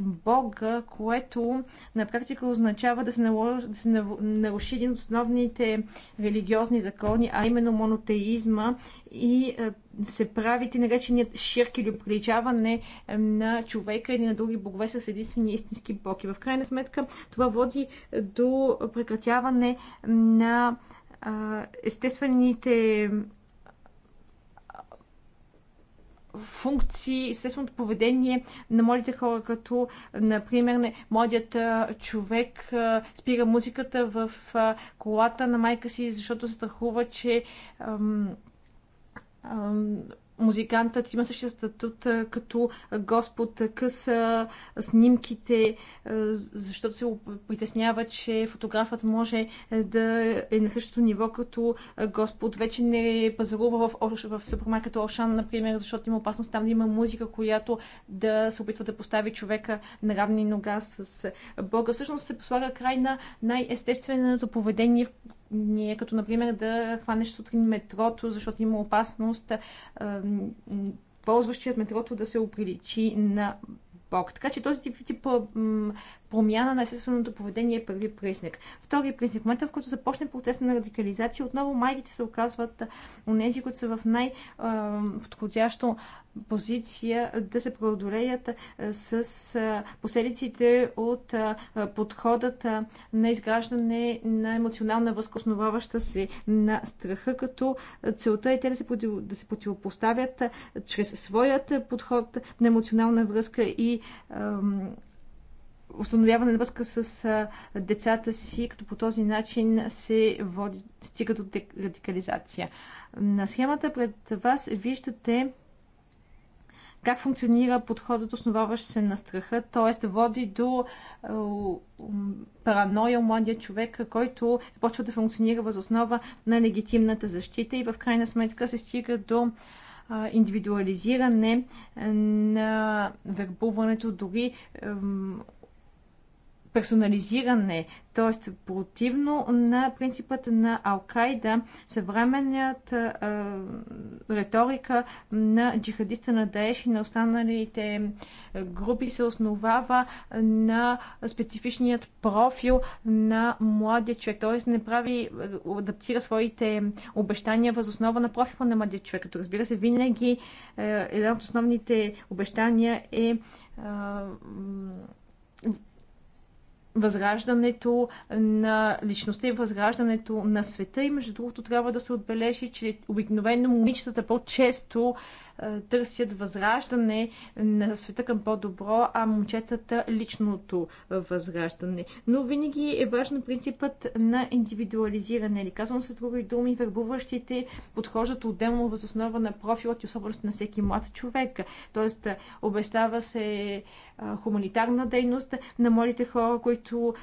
Бога, което на практика означава да се, наложи, да се наруши един от основните религиозни закони, а именно монотеизма и се прави ти нареченият ширк или обличаване на човека или на други богове с единствени истински боги. В крайна сметка това води до прекратяване на естествените функции, естественото поведение на младите хора, като, например, младият човек спира музиката в колата на майка си, защото се страхува, че музикантът има същия статут като Господ къса снимките, защото се притеснява, че фотографът може да е на същото ниво като Господ. Вече не пазарува в, в супермаркета Ошан, например, защото има опасност там да има музика, която да се опитва да постави човека на равни нога с Бога. Всъщност се послага край на най-естественото поведение, ние като например да хванеш сутрин метрото, защото има опасност ползващият метрото да се оприличи на Бог. Така че този тип, тип промяна на естественото поведение е първи признак. Втори признак, в момента в който започне процес на радикализация, отново майките се оказват нези, които са в най-подходящо позиция да се преодолеят с последиците от подходът на изграждане на емоционална основаваща се на страха, като целта е те да се, против... да се противопоставят чрез своят подход на емоционална връзка и установяване на връзка с децата си, като по този начин се води, стига до радикализация. На схемата пред вас виждате как функционира подходът, основаващ се на страха, т.е. води до параноя младия човек, който започва да функционира въз основа на легитимната защита и в крайна сметка се стига до индивидуализиране на вербуването, дори персонализиране, т.е. противно на принципът на Ал-Кайда, съвременният а, риторика на джихадиста на Даеш и на останалите групи се основава на специфичният профил на младия човек, т.е. не прави, адаптира своите обещания въз основа на профила на младия човек. Като разбира се, винаги е, една от основните обещания е, е възраждането на личността и възраждането на света. И между другото трябва да се отбележи, че обикновено момичетата по-често търсят възраждане на света към по-добро, а момчетата личното възраждане. Но винаги е важен принципът на индивидуализиране. Или казвам се други думи, вербуващите подхождат отделно въз основа на профилът и особеност на всеки млад човек. Тоест, обещава се хуманитарна дейност на младите хора, които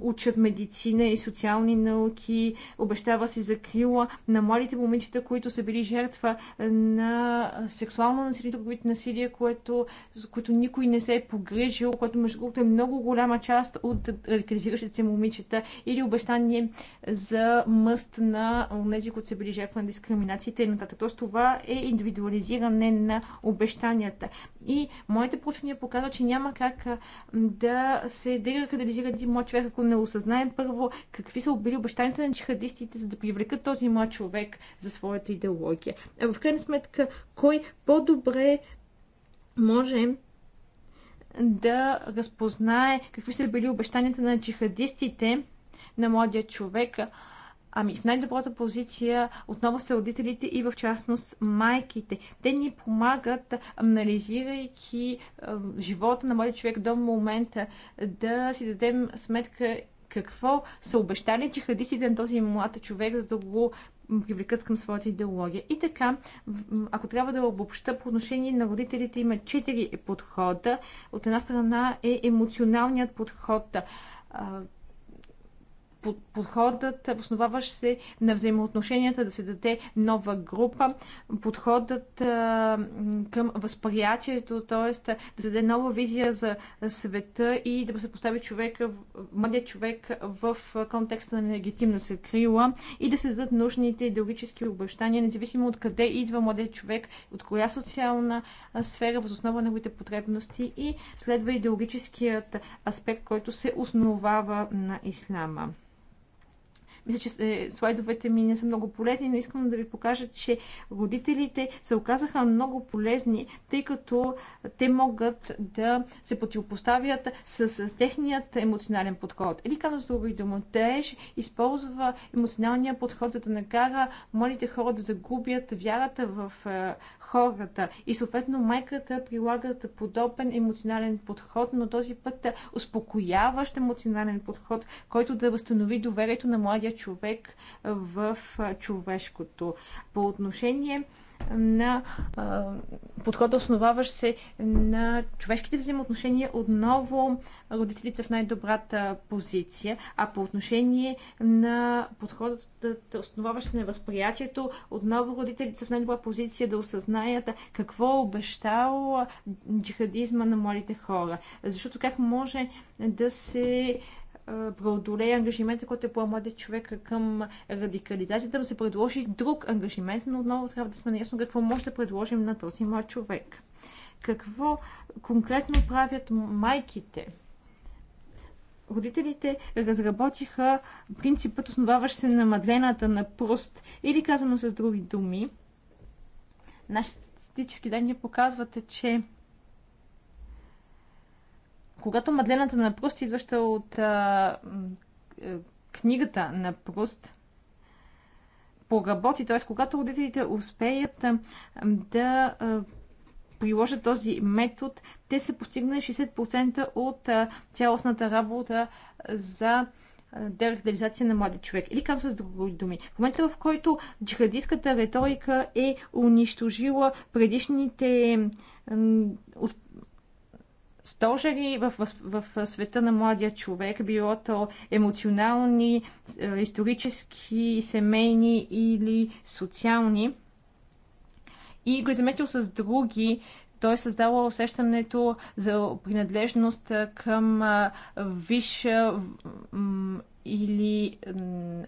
учат медицина и социални науки. Обещава се закрила на младите момичета, които са били жертва на сексуално насилие, друг вид насилие, което, за което никой не се е погрижил, което между другото е много голяма част от радикализиращите се момичета или обещание за мъст на тези, които са били жертва на дискриминацията и нататък. Тоест това е индивидуализиране на обещанията. И моите проучвания показват, че няма как да се деракадализира един млад човек, ако не осъзнаем първо какви са били обещанията на джихадистите, за да привлекат този млад човек за своята идеология. А в крайна сметка кой по-добре може да разпознае какви са били обещанията на джихадистите на младия човек. Ами в най-добрата позиция отново са родителите и в частност майките. Те ни помагат, анализирайки живота на младия човек до момента, да си дадем сметка какво са обещали джихадистите на този млад човек, за да го привлекат към своята идеология. И така, ако трябва да обобща по отношение на родителите, има четири подхода. От една страна е емоционалният подход подходът, основаващ се на взаимоотношенията да се даде нова група, подходът а, към възприятието, т.е. да се даде нова визия за света и да се постави човека, младият човек в контекста на легитимна закрила и да се дадат нужните идеологически обещания, независимо от къде идва младият човек, от коя социална сфера, възоснова на неговите потребности и следва идеологическият аспект, който се основава на ислама. Мисля, че е, слайдовете ми не са много полезни, но искам да ви покажа, че родителите се оказаха много полезни, тъй като те могат да се противопоставят с, с техният емоционален подход. Или казва с други дума, теж използва емоционалния подход, за да накара младите хора да загубят вярата в е, хората. И съответно майката прилага подобен емоционален подход, но този път успокояващ емоционален подход, който да възстанови доверието на младия видя човек в човешкото. По отношение на подхода, основаващ се на човешките взаимоотношения, отново родителите са в най-добрата позиция, а по отношение на подходът, основаващ се на възприятието, отново родителите са в най-добра позиция да осъзнаят какво е обещал джихадизма на младите хора. Защото как може да се преодолее ангажимента, който е по-млади човек към радикализацията, да се предложи друг ангажимент, но отново трябва да сме наясно какво може да предложим на този млад човек. Какво конкретно правят майките? родителите разработиха принципът, основаващ се на мадлената на Пруст, или казано с други думи. Нашите статистически данни показват, че когато Мадлената на Пруст, идваща от а, е, книгата на Пруст, поработи, т.е. когато родителите успеят а, да а, приложат този метод, те са постигнали 60% от а, цялостната работа за дерадикализация на млади човек. Или казва с други думи. В момента, в който джихадистската риторика е унищожила предишните стожери в, в, в света на младия човек, било то емоционални, е, исторически, семейни или социални. И го е заметил с други, той е създава усещането за принадлежност е, към е, висша или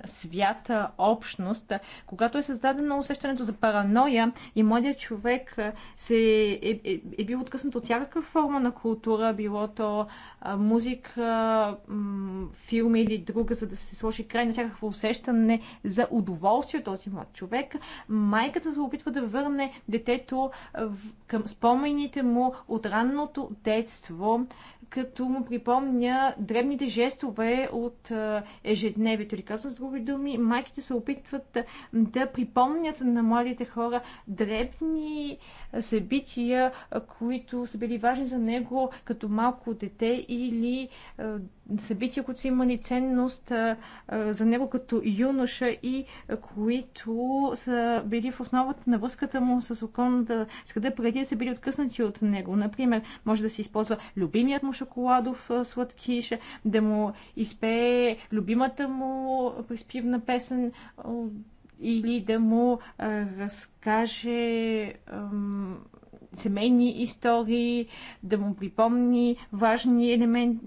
свята общност, когато е създадено усещането за параноя и младият човек се е, е, е бил откъснат от всякаква форма на култура, било то музика, филми или друга, за да се сложи край на всякакво усещане за удоволствие от този млад човек, майката се опитва да върне детето към спомените му от ранното детство, като му припомня дребните жестове от ежедневието. Или казвам с други думи, майките се опитват да припомнят на младите хора дребни събития, които са били важни за него като малко дете или събития, които са имали ценност за него като юноша и които са били в основата на връзката му с околната среда, преди да са били откъснати от него. Например, може да се използва любимият му шоколадов сладкиш, да му изпее любимата му приспивна песен или да му разкаже семейни истории, да му припомни важни елементи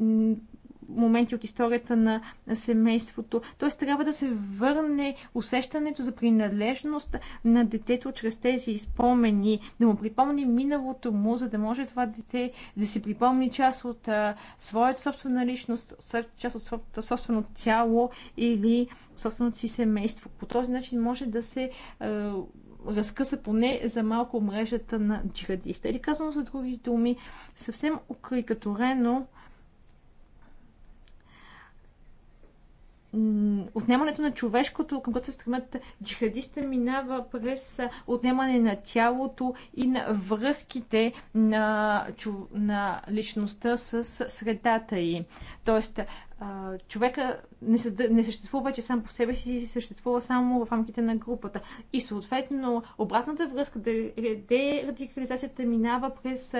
моменти от историята на семейството. Т.е. трябва да се върне усещането за принадлежност на детето чрез тези спомени, да му припомни миналото му, за да може това дете да си припомни част от а, своята собствена личност, част от собствено тяло или собственото си семейство. По този начин може да се а, разкъса поне за малко мрежата на джихадиста. Или казано за други думи, съвсем окрикаторено, отнемането на човешкото, към което се стремят джихадиста, минава през отнемане на тялото и на връзките на, на личността с средата й. Тоест, човека не, съ... не съществува вече сам по себе си, съществува само в рамките на групата. И съответно, обратната връзка, дерадикализацията минава през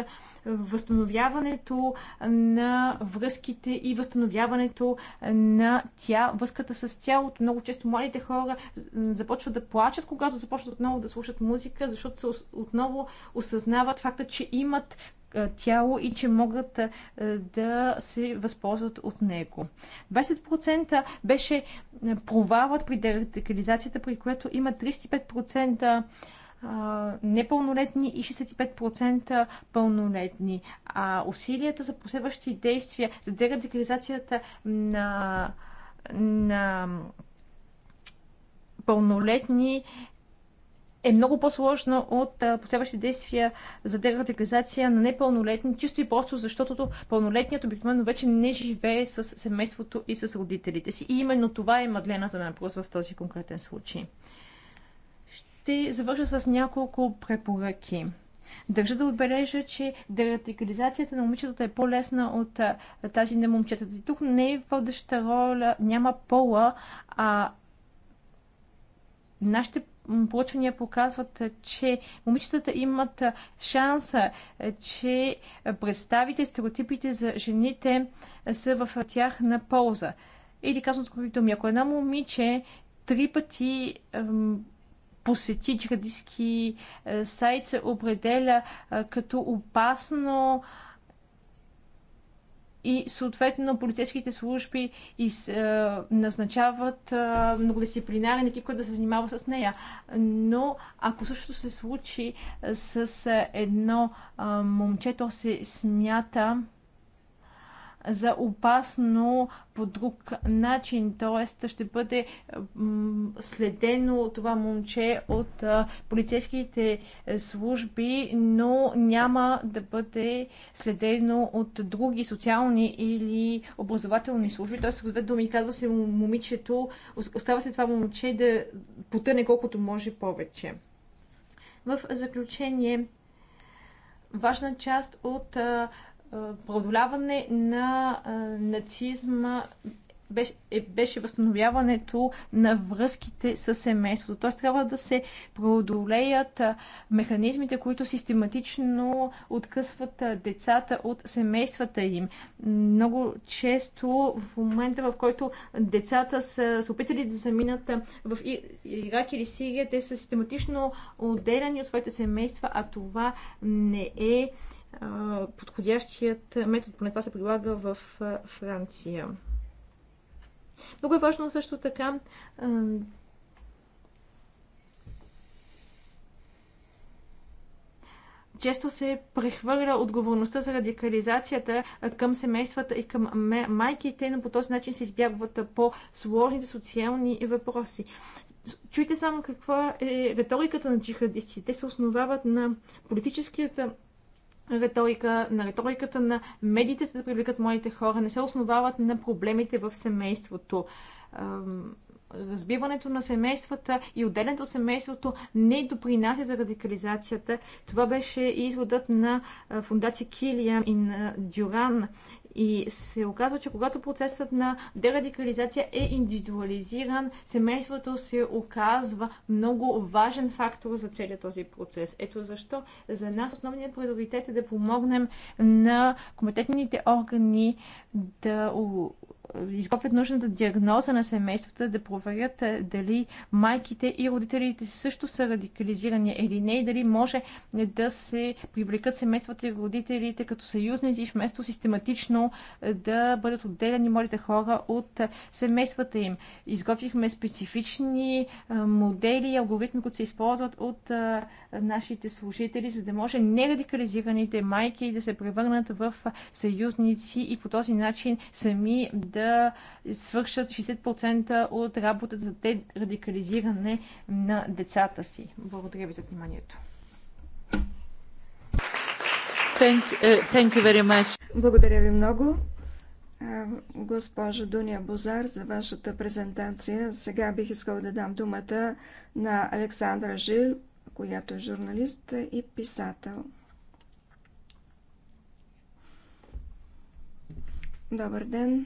възстановяването на връзките и възстановяването на тя, връзката с тялото. Много често младите хора започват да плачат, когато започват отново да слушат музика, защото се отново осъзнават факта, че имат тяло и че могат да се възползват от него. 20% беше провалът при дерадикализацията, при което има 35% непълнолетни и 65% пълнолетни. А усилията за последващи действия за дерадикализацията на, на пълнолетни е много по-сложно от последващи действия за дерадикализация на непълнолетни, чисто и просто защото пълнолетният обикновено вече не живее с семейството и с родителите си. И именно това е мъдлената на въпрос в този конкретен случай. Ще завърша с няколко препоръки. Държа да отбележа, че дератикализацията на момичетата е по-лесна от тази на момчетата. И тук не е водеща роля, няма пола, а нашите проучвания показват, че момичетата имат шанса, че представите, стереотипите за жените са в тях на полза. Или казвам с други думи, ако една момиче три пъти посети джихадистски сайт, се определя като опасно и съответно полицейските служби из, е, назначават а, е, многодисциплинарен екип, който да се занимава с нея. Но ако също се случи с е, едно е, момче, то се смята за опасно по друг начин, т.е. ще бъде следено това момче от полицейските служби, но няма да бъде следено от други социални или образователни служби. Т.е. с две думи казва се момичето, остава се това момче да потъне колкото може повече. В заключение, важна част от преодоляване на нацизма беше, е, беше възстановяването на връзките с семейството. Т.е. трябва да се преодолеят механизмите, които систематично откъсват децата от семействата им. Много често в момента, в който децата са се опитали да заминат в Ирак или Сирия, те са систематично отделяни от своите семейства, а това не е подходящият метод, поне това се прилага в Франция. Много е важно също така често се прехвърля отговорността за радикализацията към семействата и към майките, но по този начин се избягват по-сложните социални въпроси. Чуйте само каква е риториката на джихадистите. Те се основават на политическият риторика, на риториката на медиите, за да привлекат моите хора, не се основават на проблемите в семейството разбиването на семействата и отделянето от семейството не допринася за радикализацията. Това беше изводът на фундация Килиам и на Дюран. И се оказва, че когато процесът на дерадикализация е индивидуализиран, семейството се оказва много важен фактор за целият този процес. Ето защо за нас основният приоритет е да помогнем на компетентните органи да изготвят нужната диагноза на семействата, да проверят е, дали майките и родителите също са радикализирани или не и дали може да се привлекат семействата и родителите като съюзници, вместо систематично е, да бъдат отделяни младите хора от е, семействата им. Изготвихме специфични модели и алгоритми, които се използват от нашите служители, за да може нерадикализираните майки да се превърнат в съюзници и по този начин сами да свършат 60% от работата за те радикализиране на децата си. Благодаря ви за вниманието. Uh, Благодаря ви много, госпожо Дуния Бозар, за вашата презентация. Сега бих искал да дам думата на Александра Жил, която е журналист и писател. Добър ден!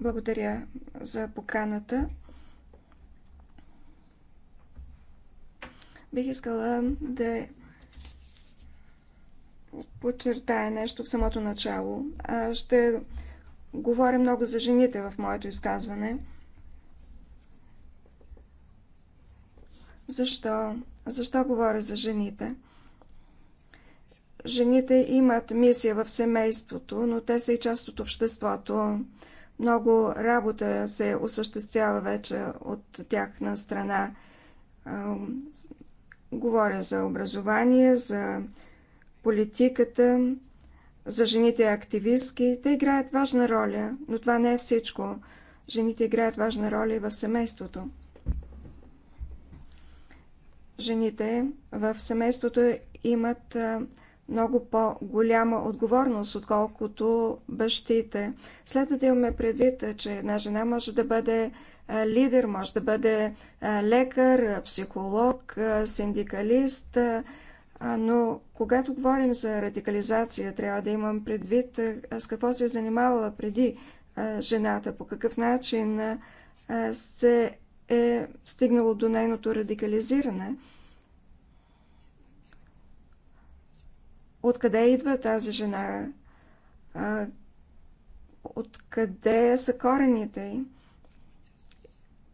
Благодаря за поканата. Бих искала да подчертая нещо в самото начало. Ще Говоря много за жените в моето изказване. Защо? Защо говоря за жените? Жените имат мисия в семейството, но те са и част от обществото. Много работа се осъществява вече от тяхна страна. Говоря за образование, за политиката, за жените активистки. Те играят важна роля, но това не е всичко. Жените играят важна роля и в семейството. Жените в семейството имат много по-голяма отговорност, отколкото бащите. Следва да имаме предвид, че една жена може да бъде лидер, може да бъде лекар, психолог, синдикалист, но когато говорим за радикализация, трябва да имам предвид с какво се е занимавала преди жената, по какъв начин се е стигнало до нейното радикализиране. Откъде идва тази жена? Откъде са корените й?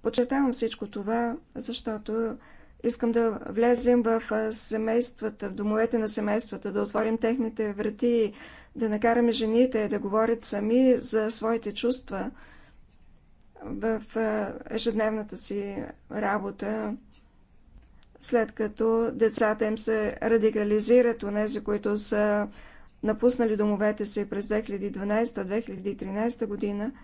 Почетавам всичко това, защото Искам да влезем в семействата, в домовете на семействата, да отворим техните врати, да накараме жените да говорят сами за своите чувства в ежедневната си работа, след като децата им се радикализират, онези, които са напуснали домовете си през 2012-2013 година –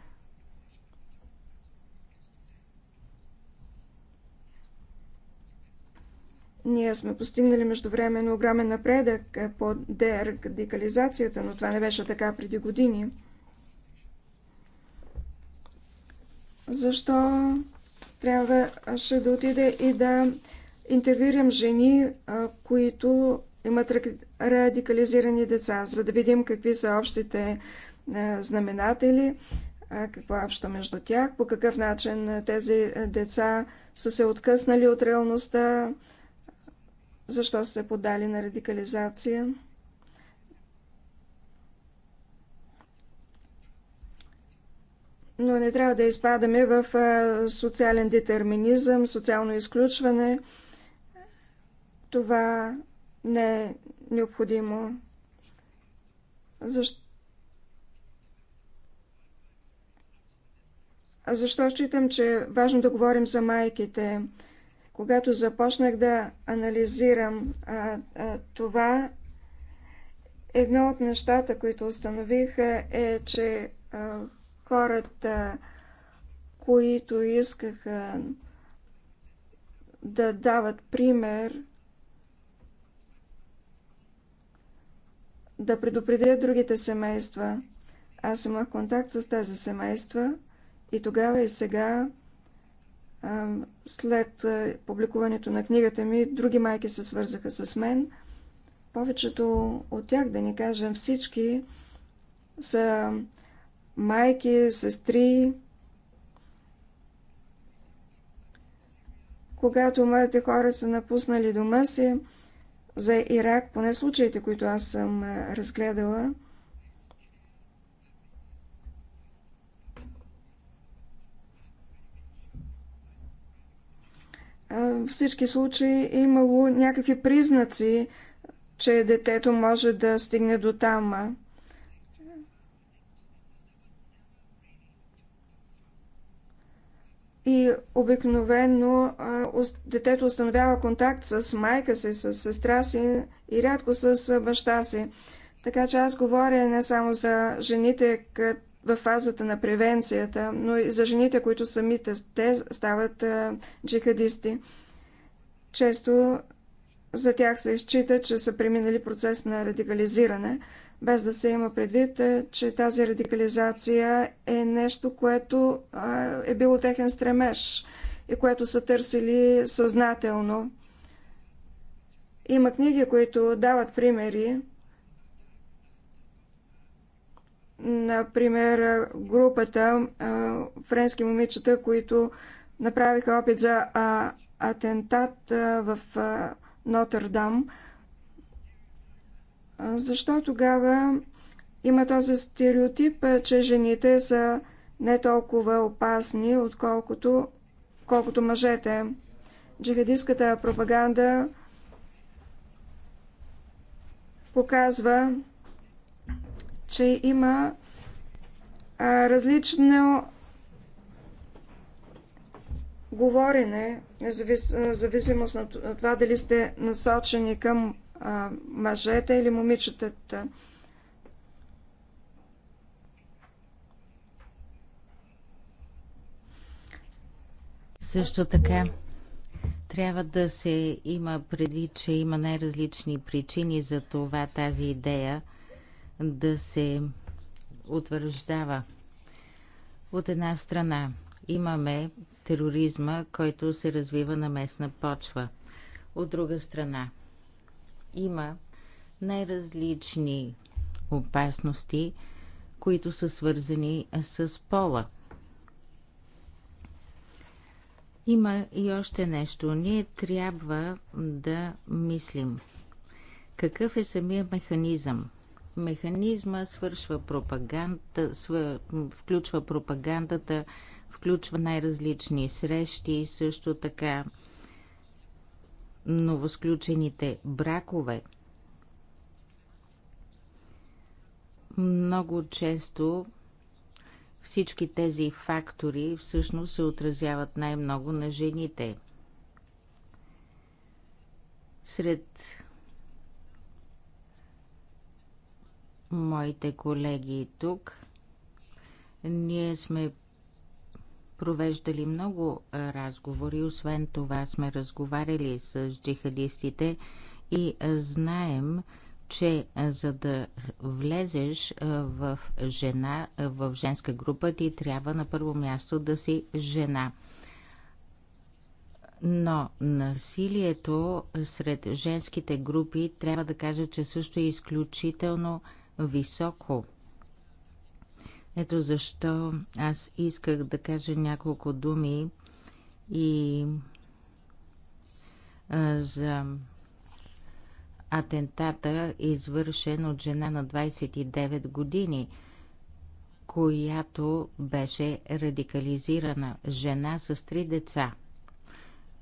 Ние сме постигнали междувременно огромен напредък е, по дерадикализацията, но това не беше така преди години. Защо трябваше да отида и да интервюрам жени, е, които имат радикализирани деца, за да видим какви са общите е, знаменатели, какво е общо между тях, по какъв начин тези деца са се откъснали от реалността, защо са се подали на радикализация. Но не трябва да изпадаме в социален детерминизъм, социално изключване. Това не е необходимо. Защо? Защо считам, че е важно да говорим за майките? Когато започнах да анализирам а, а, това, едно от нещата, които установих е, че а, хората, които искаха да дават пример, да предупредят другите семейства. Аз имах контакт с тези семейства и тогава и сега след е, публикуването на книгата ми, други майки се свързаха с мен. Повечето от тях, да ни кажем всички, са майки, сестри. Когато моите хора са напуснали дома си за Ирак, поне случаите, които аз съм е, разгледала, всички случаи е имало някакви признаци, че детето може да стигне до там. И обикновено детето установява контакт с майка си, с сестра си и рядко с баща си. Така че аз говоря не само за жените, като в фазата на превенцията, но и за жените, които самите те стават джихадисти. Често за тях се изчита, че са преминали процес на радикализиране, без да се има предвид, че тази радикализация е нещо, което е било техен стремеж и което са търсили съзнателно. Има книги, които дават примери Например, групата френски момичета, които направиха опит за атентат в Нотърдам. Защо тогава има този стереотип, че жените са не толкова опасни, отколкото колкото мъжете. Джихадистската пропаганда показва, че има а, различно говорене, завис, зависимост на това дали сте насочени към а, мъжете или момичетата. Също така, трябва да се има предвид, че има най-различни причини за това тази идея – да се утвърждава. От една страна имаме тероризма, който се развива на местна почва. От друга страна има най-различни опасности, които са свързани с пола. Има и още нещо. Ние трябва да мислим. Какъв е самия механизъм? механизма, свършва пропаганда, свър... включва пропагандата, включва най-различни срещи, и също така новосключените бракове. Много често всички тези фактори всъщност се отразяват най-много на жените. Сред моите колеги тук. Ние сме провеждали много разговори, освен това сме разговаряли с джихадистите и знаем, че за да влезеш в жена, в женска група, ти трябва на първо място да си жена. Но насилието сред женските групи трябва да кажа, че също е изключително високо. Ето защо аз исках да кажа няколко думи и за атентата, извършен от жена на 29 години, която беше радикализирана. Жена с три деца,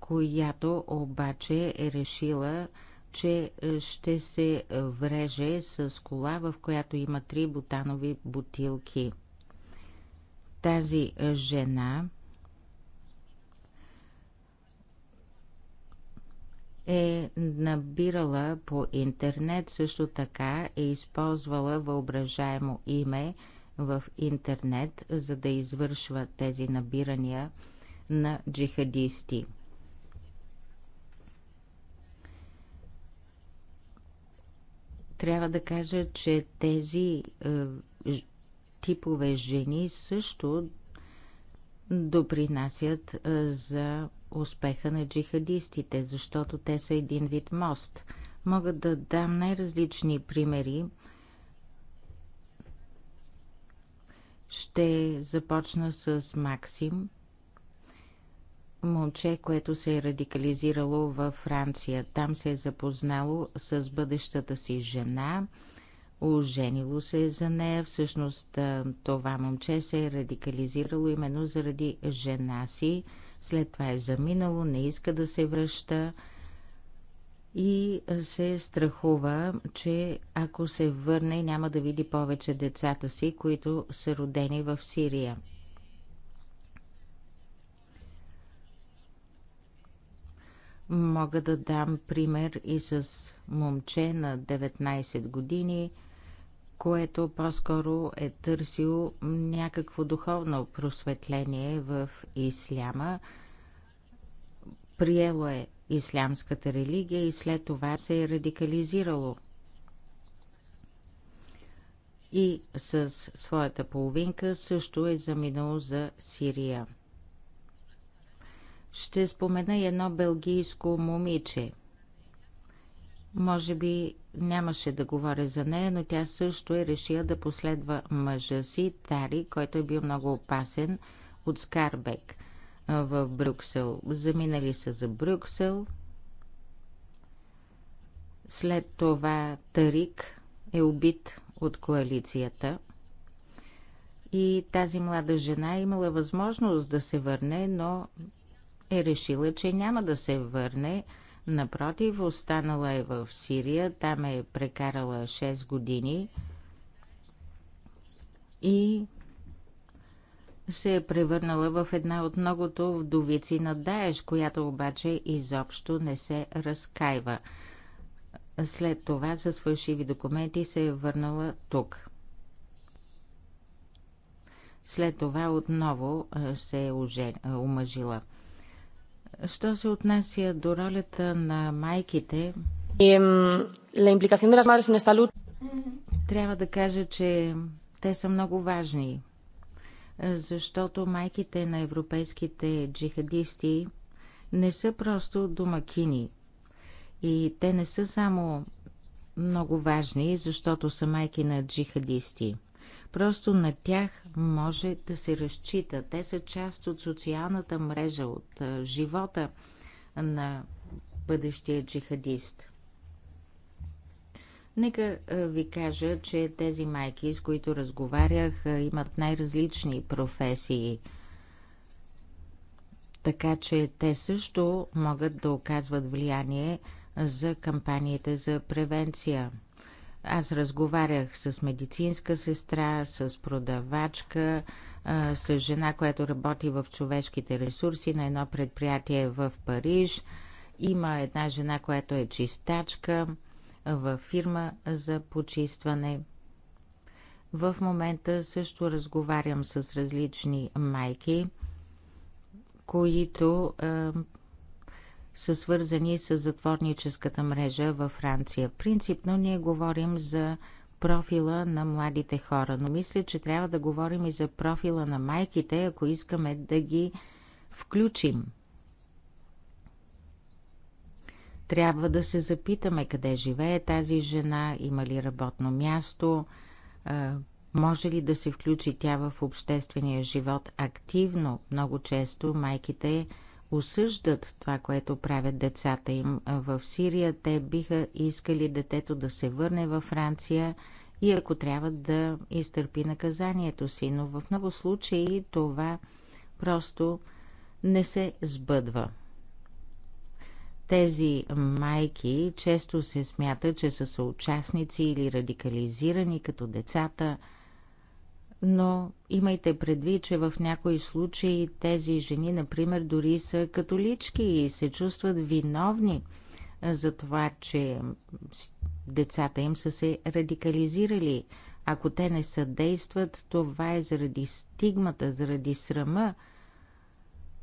която обаче е решила че е, ще се е, вреже с кола, в която има три бутанови бутилки. Тази е, жена е набирала по интернет, също така е използвала въображаемо име в интернет, за да извършва тези набирания на джихадисти – трябва да кажа, че тези е, типове жени също допринасят е, за успеха на джихадистите, защото те са един вид мост. Мога да дам най-различни примери. Ще започна с Максим момче, което се е радикализирало във Франция. Там се е запознало с бъдещата си жена, оженило се е за нея. Всъщност това момче се е радикализирало именно заради жена си. След това е заминало, не иска да се връща и се страхува, че ако се върне, няма да види повече децата си, които са родени в Сирия. Мога да дам пример и с момче на 19 години, което по-скоро е търсил някакво духовно просветление в исляма. Приело е ислямската религия и след това се е радикализирало. И с своята половинка също е заминало за Сирия. Ще спомена и едно белгийско момиче. Може би нямаше да говоря за нея, но тя също е решила да последва мъжа си, Тари, който е бил много опасен от Скарбек в Брюксел. Заминали са за Брюксел. След това Тарик е убит от коалицията. И тази млада жена е имала възможност да се върне, но е решила, че няма да се върне. Напротив, останала е в Сирия, там е прекарала 6 години и се е превърнала в една от многото вдовици на Даеш, която обаче изобщо не се разкаива. След това с фалшиви документи се е върнала тук. След това отново се е омъжила. Ожен... Що се отнася до ролята на майките, трябва да кажа, че те са много важни, защото майките на европейските джихадисти не са просто домакини. И те не са само много важни, защото са майки на джихадисти – Просто на тях може да се разчита. Те са част от социалната мрежа, от живота на бъдещия джихадист. Нека ви кажа, че тези майки, с които разговарях, имат най-различни професии. Така че те също могат да оказват влияние за кампаниите за превенция – аз разговарях с медицинска сестра, с продавачка, с жена, която работи в човешките ресурси на едно предприятие в Париж. Има една жена, която е чистачка във фирма за почистване. В момента също разговарям с различни майки, които са свързани с затворническата мрежа във Франция. Принципно ние говорим за профила на младите хора, но мисля, че трябва да говорим и за профила на майките, ако искаме да ги включим. Трябва да се запитаме къде живее тази жена, има ли работно място, може ли да се включи тя в обществения живот активно. Много често майките осъждат това, което правят децата им в Сирия. Те биха искали детето да се върне във Франция и ако трябва да изтърпи наказанието си. Но в много случаи това просто не се сбъдва. Тези майки често се смятат, че са съучастници или радикализирани като децата – но имайте предвид, че в някои случаи тези жени, например, дори са католички и се чувстват виновни за това, че децата им са се радикализирали. Ако те не съдействат, това е заради стигмата, заради срама.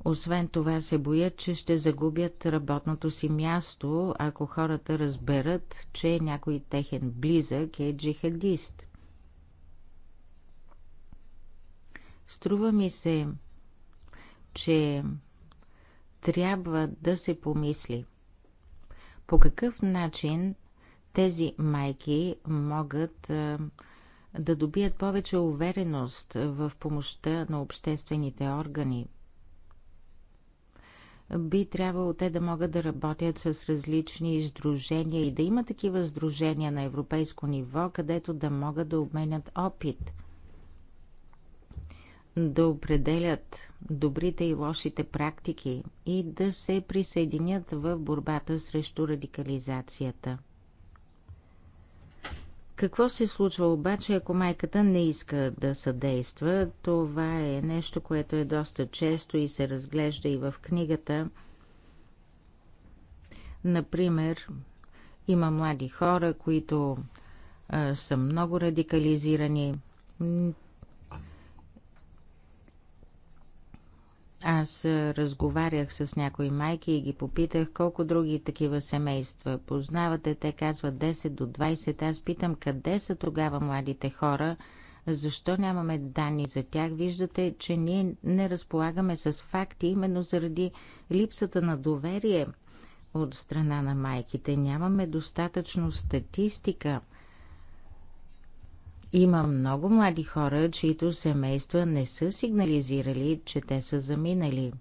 Освен това се боят, че ще загубят работното си място, ако хората разберат, че някой техен близък е джихадист – Струва ми се, че трябва да се помисли по какъв начин тези майки могат да добият повече увереност в помощта на обществените органи. Би трябвало те да могат да работят с различни издружения и да има такива сдружения на европейско ниво, където да могат да обменят опит да определят добрите и лошите практики и да се присъединят в борбата срещу радикализацията. Какво се случва обаче, ако майката не иска да съдейства? Това е нещо, което е доста често и се разглежда и в книгата. Например, има млади хора, които а, са много радикализирани, Аз разговарях с някои майки и ги попитах колко други такива семейства познавате. Те казват 10 до 20. Аз питам къде са тогава младите хора, защо нямаме данни за тях. Виждате, че ние не разполагаме с факти именно заради липсата на доверие от страна на майките. Нямаме достатъчно статистика. Има много млади хора, чието семейства не са сигнализирали, че те са заминали.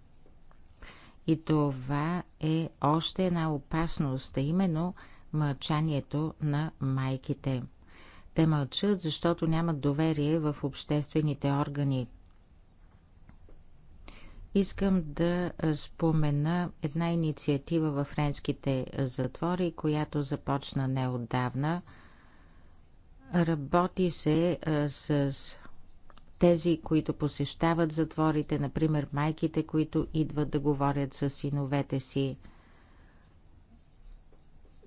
И това е още една опасност, а именно мълчанието на майките. Те мълчат, защото нямат доверие в обществените органи. Искам да спомена една инициатива във френските затвори, която започна неотдавна – Работи се с тези, които посещават затворите, например майките, които идват да говорят с синовете си.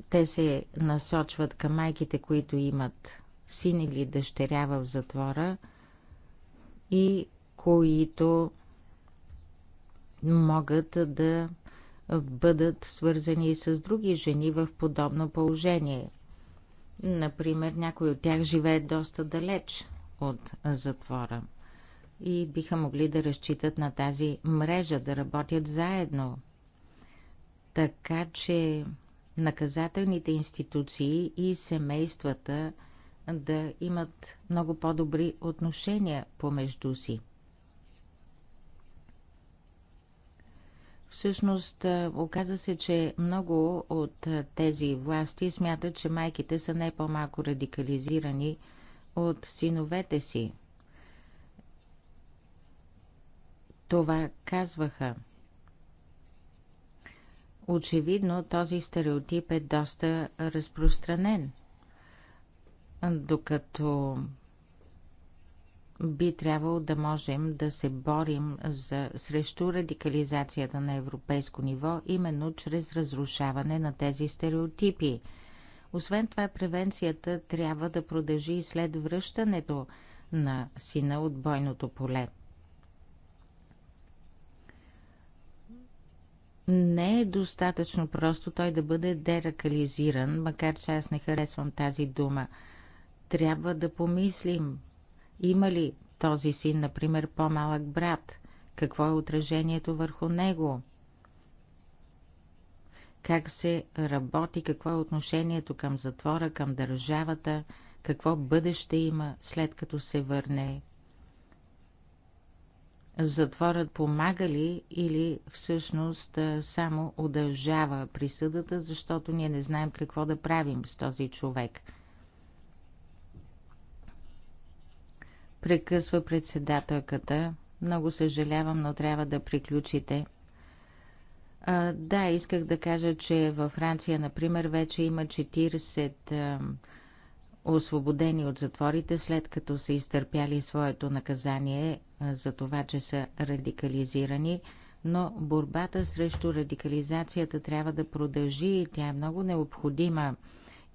Те се насочват към майките, които имат син или дъщеря в затвора и които могат да бъдат свързани и с други жени в подобно положение. Например, някой от тях живее доста далеч от затвора и биха могли да разчитат на тази мрежа, да работят заедно. Така че наказателните институции и семействата да имат много по-добри отношения помежду си. Всъщност, оказа се, че много от тези власти смятат, че майките са не по-малко радикализирани от синовете си. Това казваха. Очевидно, този стереотип е доста разпространен. Докато би трябвало да можем да се борим за, срещу радикализацията на европейско ниво, именно чрез разрушаване на тези стереотипи. Освен това, превенцията трябва да продължи и след връщането на сина от бойното поле. Не е достатъчно просто той да бъде деракализиран, макар че аз не харесвам тази дума. Трябва да помислим има ли този син, например, по-малък брат? Какво е отражението върху него? Как се работи? Какво е отношението към затвора, към държавата? Какво бъдеще има след като се върне? Затворът помага ли или всъщност само удължава присъдата, защото ние не знаем какво да правим с този човек – прекъсва председателката. Много съжалявам, но трябва да приключите. А, да, исках да кажа, че във Франция, например, вече има 40 а, освободени от затворите, след като са изтърпяли своето наказание а, за това, че са радикализирани. Но борбата срещу радикализацията трябва да продължи и тя е много необходима.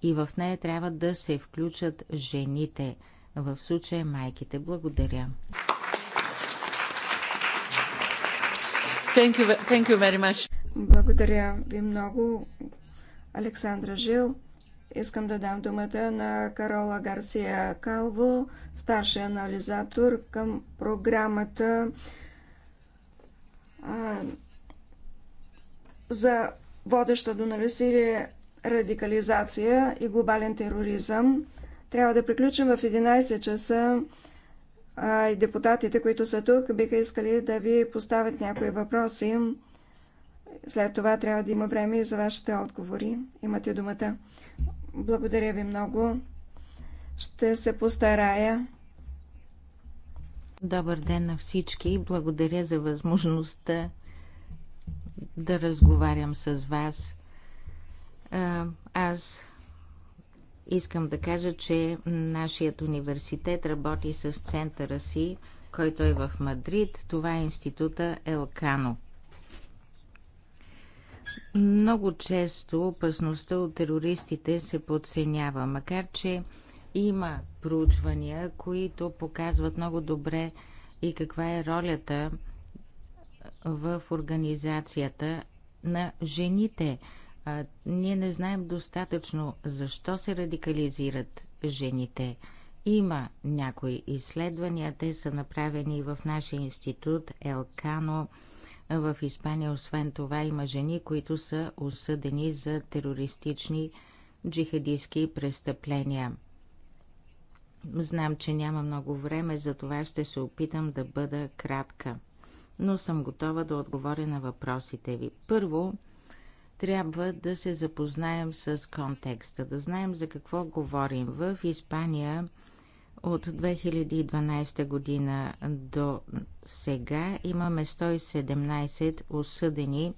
И в нея трябва да се включат жените – в случая майките. Благодаря. Thank you, thank you very much. Благодаря ви много, Александра Жил. Искам да дам думата на Карола Гарсия Калво, старши анализатор към програмата а, за водеща до насилие, радикализация и глобален тероризъм. Трябва да приключим в 11 часа. А и депутатите, които са тук, биха искали да ви поставят някои въпроси. След това трябва да има време и за вашите отговори. Имате думата. Благодаря ви много. Ще се постарая. Добър ден на всички благодаря за възможността да разговарям с вас. Аз Искам да кажа, че нашият университет работи с центъра си, който е в Мадрид. Това е института Елкано. Много често опасността от терористите се подценява, макар че има проучвания, които показват много добре и каква е ролята в организацията на жените – а, ние не знаем достатъчно защо се радикализират жените. Има някои изследвания, те са направени в нашия институт Елкано. В Испания, освен това, има жени, които са осъдени за терористични джихадистски престъпления. Знам, че няма много време, за това ще се опитам да бъда кратка. Но съм готова да отговоря на въпросите ви. Първо, трябва да се запознаем с контекста, да знаем за какво говорим. В Испания от 2012 година до сега имаме 117 осъдени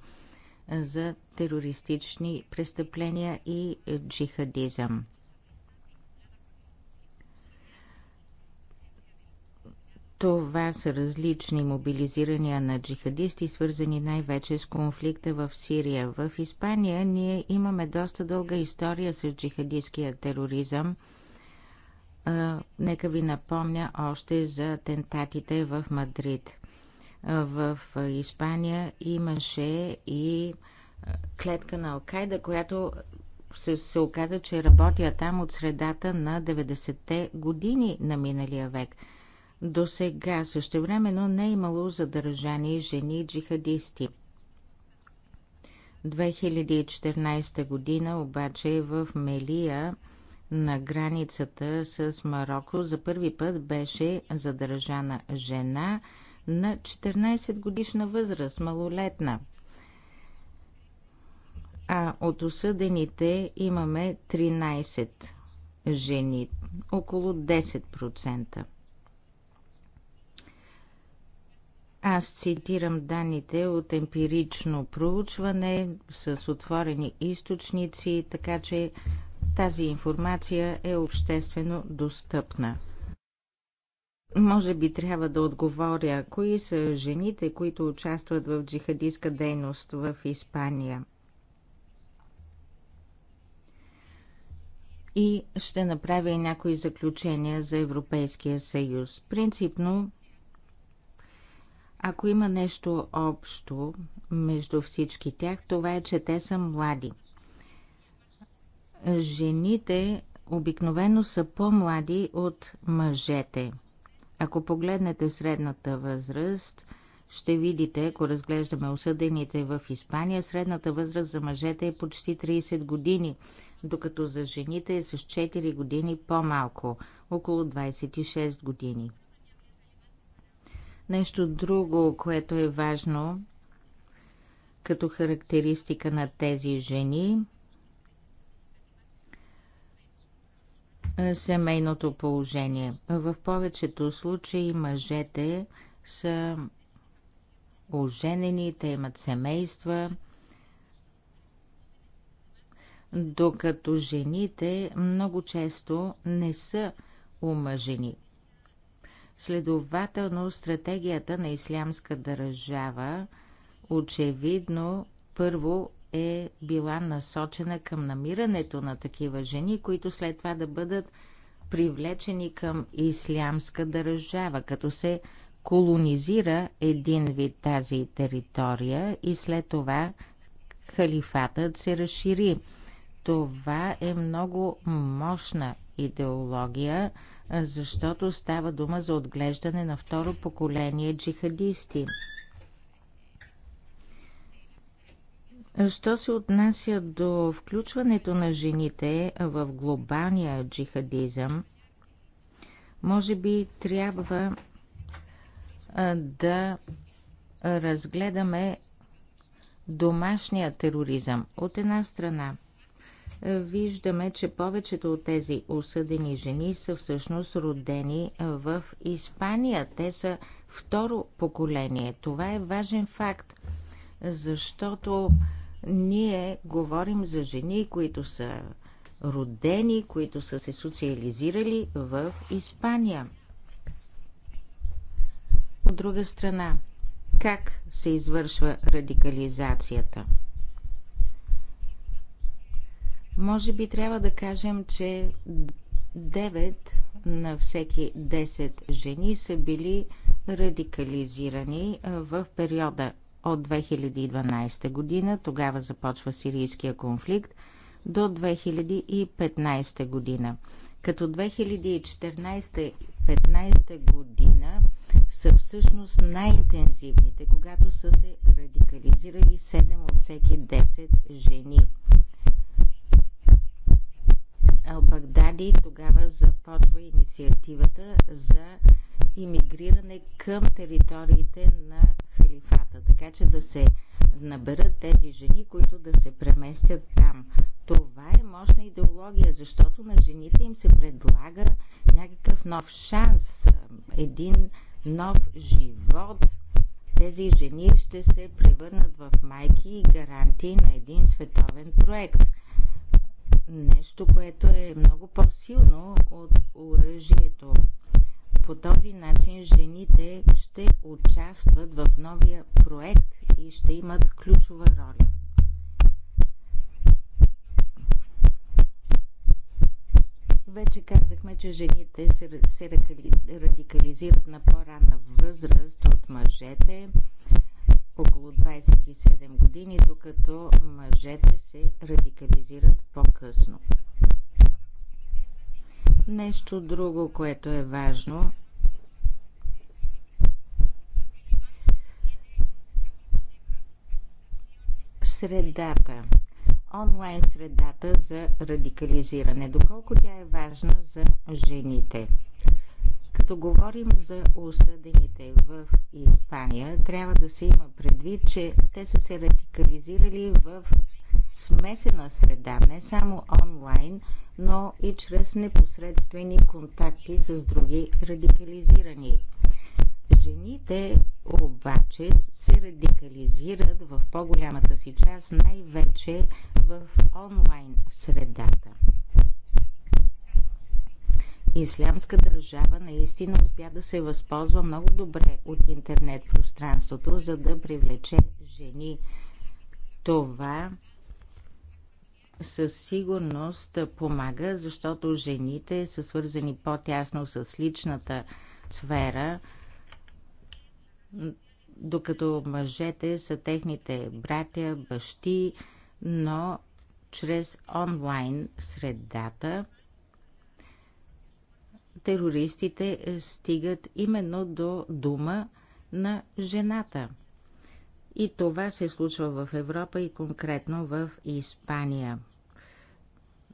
за терористични престъпления и джихадизъм. Това са различни мобилизирания на джихадисти, свързани най-вече с конфликта в Сирия. В Испания ние имаме доста дълга история с джихадистския тероризъм. А, нека ви напомня още за атентатите в Мадрид. А, в Испания имаше и клетка на Алкайда, която се, се оказа, че работя там от средата на 90-те години на миналия век – до сега същевременно не е имало задържани жени джихадисти. 2014 година обаче е в Мелия на границата с Марокко за първи път беше задържана жена на 14 годишна възраст, малолетна. А от осъдените имаме 13 жени, около 10%. Аз цитирам данните от емпирично проучване с отворени източници, така че тази информация е обществено достъпна. Може би трябва да отговоря, кои са жените, които участват в джихадистка дейност в Испания. И ще направя и някои заключения за Европейския съюз. Принципно ако има нещо общо между всички тях, това е, че те са млади. Жените обикновено са по-млади от мъжете. Ако погледнете средната възраст, ще видите, ако разглеждаме осъдените в Испания, средната възраст за мъжете е почти 30 години, докато за жените е с 4 години по-малко, около 26 години. Нещо друго, което е важно като характеристика на тези жени е семейното положение. В повечето случаи мъжете са оженени, те имат семейства, докато жените много често не са омъжени. Следователно, стратегията на ислямска държава очевидно първо е била насочена към намирането на такива жени, които след това да бъдат привлечени към ислямска държава, като се колонизира един вид тази територия и след това халифатът се разшири. Това е много мощна идеология, защото става дума за отглеждане на второ поколение джихадисти. Що се отнася до включването на жените в глобалния джихадизъм, може би трябва да разгледаме домашния тероризъм от една страна – виждаме, че повечето от тези осъдени жени са всъщност родени в Испания. Те са второ поколение. Това е важен факт, защото ние говорим за жени, които са родени, които са се социализирали в Испания. От друга страна, как се извършва радикализацията – може би трябва да кажем, че 9 на всеки 10 жени са били радикализирани в периода от 2012 година, тогава започва сирийския конфликт, до 2015 година. Като 2014-15 година са всъщност най-интензивните, когато са се радикализирали 7 от всеки 10 жени – И тогава започва инициативата за иммигриране към териториите на халифата, така че да се наберат тези жени, които да се преместят там. Това е мощна идеология, защото на жените им се предлага някакъв нов шанс, един нов живот. Тези жени ще се превърнат в майки и гарантии на един световен проект нещо, което е много по-силно от оръжието. По този начин жените ще участват в новия проект и ще имат ключова роля. Вече казахме, че жените се, радикализират на по-рана възраст от мъжете около 27 години, докато мъжете се радикализират по-късно. Нещо друго, което е важно средата, онлайн средата за радикализиране, доколко тя е важна за жените – като говорим за осъдените в Испания, трябва да се има предвид, че те са се радикализирали в смесена среда, не само онлайн, но и чрез непосредствени контакти с други радикализирани. Жените обаче се радикализират в по-голямата си част най-вече в онлайн средата. Ислямска държава наистина успя да се възползва много добре от интернет пространството, за да привлече жени. Това със сигурност помага, защото жените са свързани по-тясно с личната сфера, докато мъжете са техните братя, бащи, но чрез онлайн средата – терористите е, стигат именно до дума на жената. И това се случва в Европа и конкретно в Испания.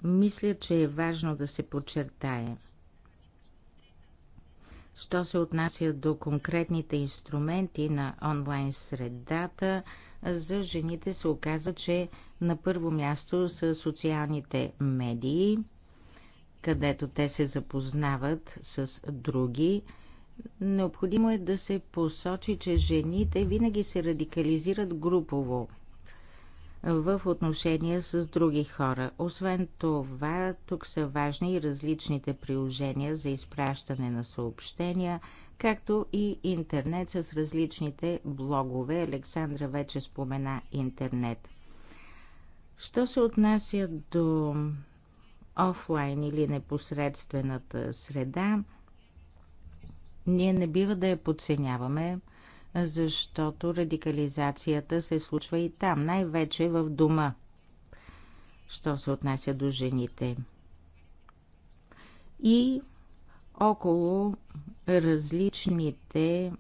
Мисля, че е важно да се подчертае. Що се отнася до конкретните инструменти на онлайн средата, за жените се оказва, че на първо място са социалните медии – където те се запознават с други. Необходимо е да се посочи, че жените винаги се радикализират групово в отношения с други хора. Освен това, тук са важни и различните приложения за изпращане на съобщения, както и интернет с различните блогове. Александра вече спомена интернет. Що се отнася до офлайн или непосредствената среда, ние не бива да я подценяваме, защото радикализацията се случва и там, най-вече в дома, що се отнася до жените. И около различните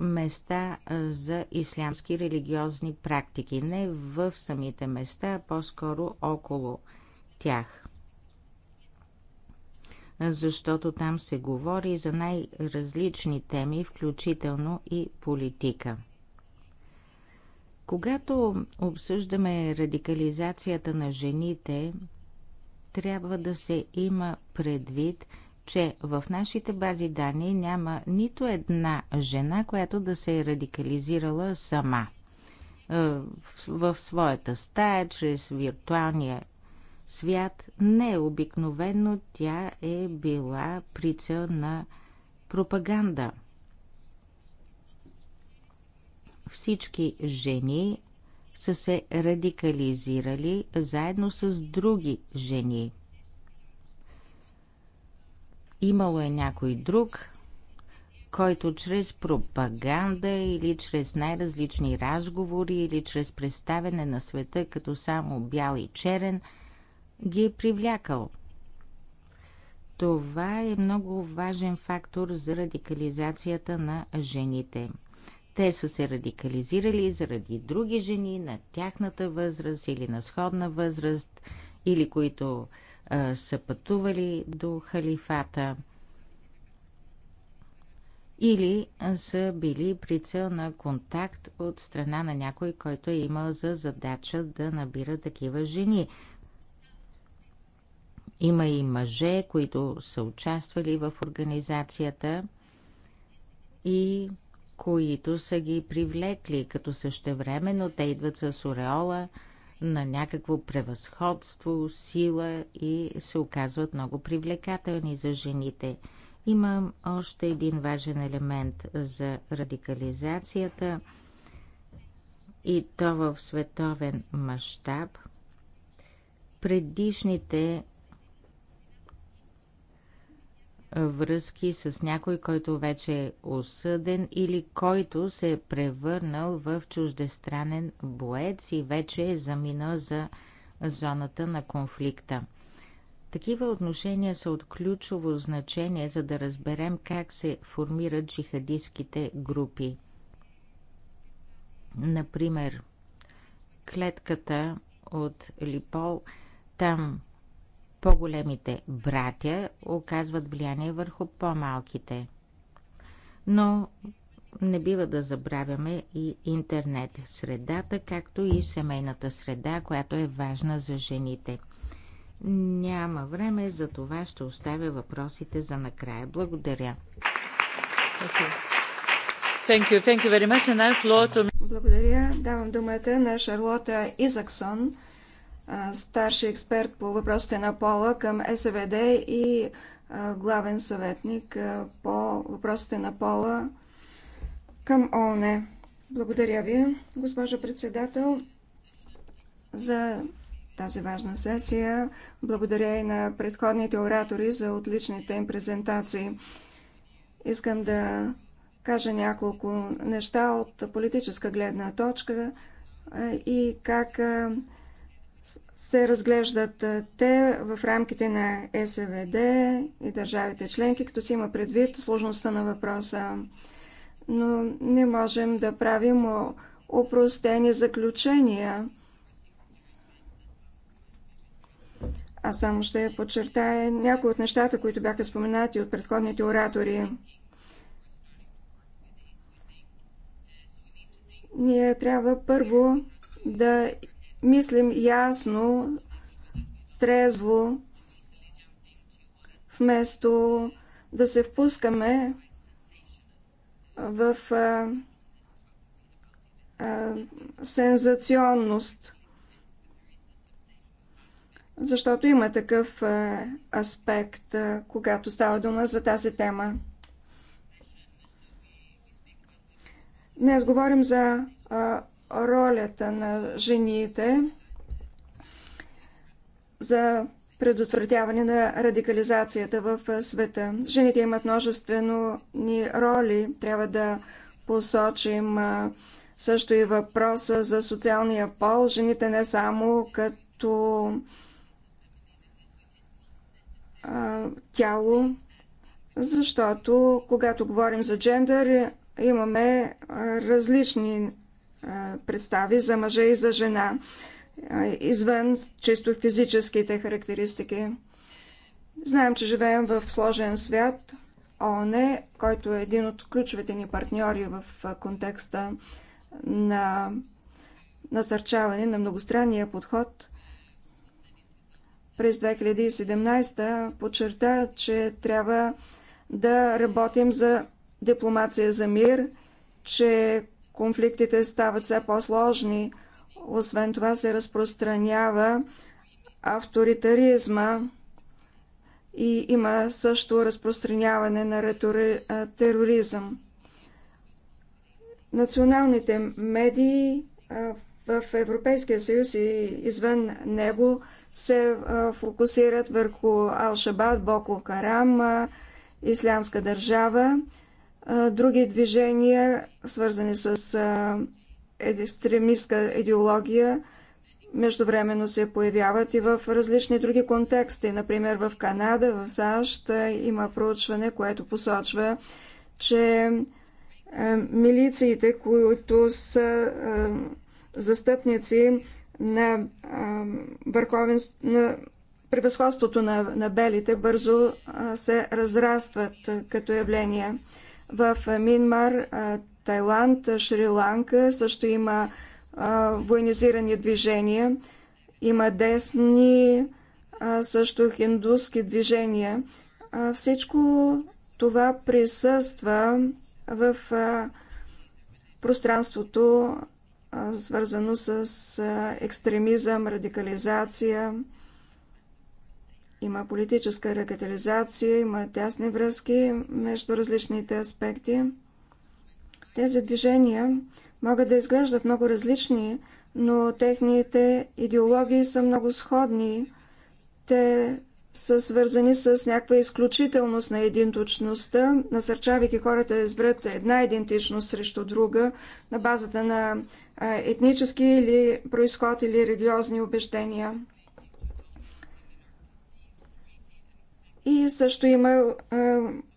места за ислямски религиозни практики. Не в самите места, а по-скоро около тях. Защото там се говори за най-различни теми, включително и политика. Когато обсъждаме радикализацията на жените, трябва да се има предвид, че в нашите бази данни няма нито една жена, която да се е радикализирала сама е, в своята стая, чрез виртуалния свят. Необикновено тя е била прицел на пропаганда. Всички жени са се радикализирали заедно с други жени – Имало е някой друг, който чрез пропаганда или чрез най-различни разговори или чрез представяне на света като само бял и черен, ги е привлякал. Това е много важен фактор за радикализацията на жените. Те са се радикализирали заради други жени на тяхната възраст или на сходна възраст, или които са пътували до халифата или са били прицел на контакт от страна на някой, който е имал за задача да набира такива жени. Има и мъже, които са участвали в организацията и които са ги привлекли, като същевременно те идват с ореола – на някакво превъзходство, сила и се оказват много привлекателни за жените. Имам още един важен елемент за радикализацията и то в световен мащаб. Предишните връзки с някой, който вече е осъден или който се е превърнал в чуждестранен боец и вече е заминал за зоната на конфликта. Такива отношения са от ключово значение, за да разберем как се формират джихадистските групи. Например, клетката от Липол, там по-големите братя оказват влияние върху по-малките. Но не бива да забравяме и интернет средата, както и семейната среда, която е важна за жените. Няма време, за това ще оставя въпросите за накрая. Благодаря. Thank you. Thank you very much. And to... Благодаря. Давам думата на Шарлота Изаксон, старши експерт по въпросите на пола към СВД и главен съветник по въпросите на пола към ООН. Благодаря ви, госпожа председател, за тази важна сесия. Благодаря и на предходните оратори за отличните им презентации. Искам да кажа няколко неща от политическа гледна точка и как се разглеждат те в рамките на СВД и държавите членки, като си има предвид сложността на въпроса. Но не можем да правим опростени заключения. Аз само ще подчертая някои от нещата, които бяха споменати от предходните оратори. Ние трябва първо да мислим ясно, трезво, вместо да се впускаме в а, а, сензационност. Защото има такъв а, аспект, а, когато става дума за тази тема. Днес говорим за а, ролята на жените за предотвратяване на радикализацията в света. Жените имат множествено ни роли. Трябва да посочим също и въпроса за социалния пол. Жените не само като тяло, защото когато говорим за джендър, имаме различни представи за мъжа и за жена, извън чисто физическите характеристики. Знаем, че живеем в сложен свят. ООН, е, който е един от ключовите ни партньори в контекста на насърчаване на многостранния подход, през 2017 подчерта, че трябва да работим за дипломация за мир, че Конфликтите стават все по-сложни. Освен това се разпространява авторитаризма и има също разпространяване на тероризъм. Националните медии в Европейския съюз и извън него се фокусират върху Алшабад, Боко Харам, Ислямска държава други движения, свързани с екстремистска идеология, междувременно се появяват и в различни други контексти. Например, в Канада, в САЩ има проучване, което посочва, че милициите, които са застъпници на върховенство, на превъзходството на, на белите бързо се разрастват като явление в Минмар, Тайланд, Шри-Ланка също има военизирани движения, има десни, също хиндуски движения. Всичко това присъства в пространството, свързано с екстремизъм, радикализация. Има политическа рекатализация, има тясни връзки между различните аспекти. Тези движения могат да изглеждат много различни, но техните идеологии са много сходни. Те са свързани с някаква изключителност на идентичността, насърчавайки хората да изберат една идентичност срещу друга на базата на етнически или происход или религиозни убеждения. И също има а,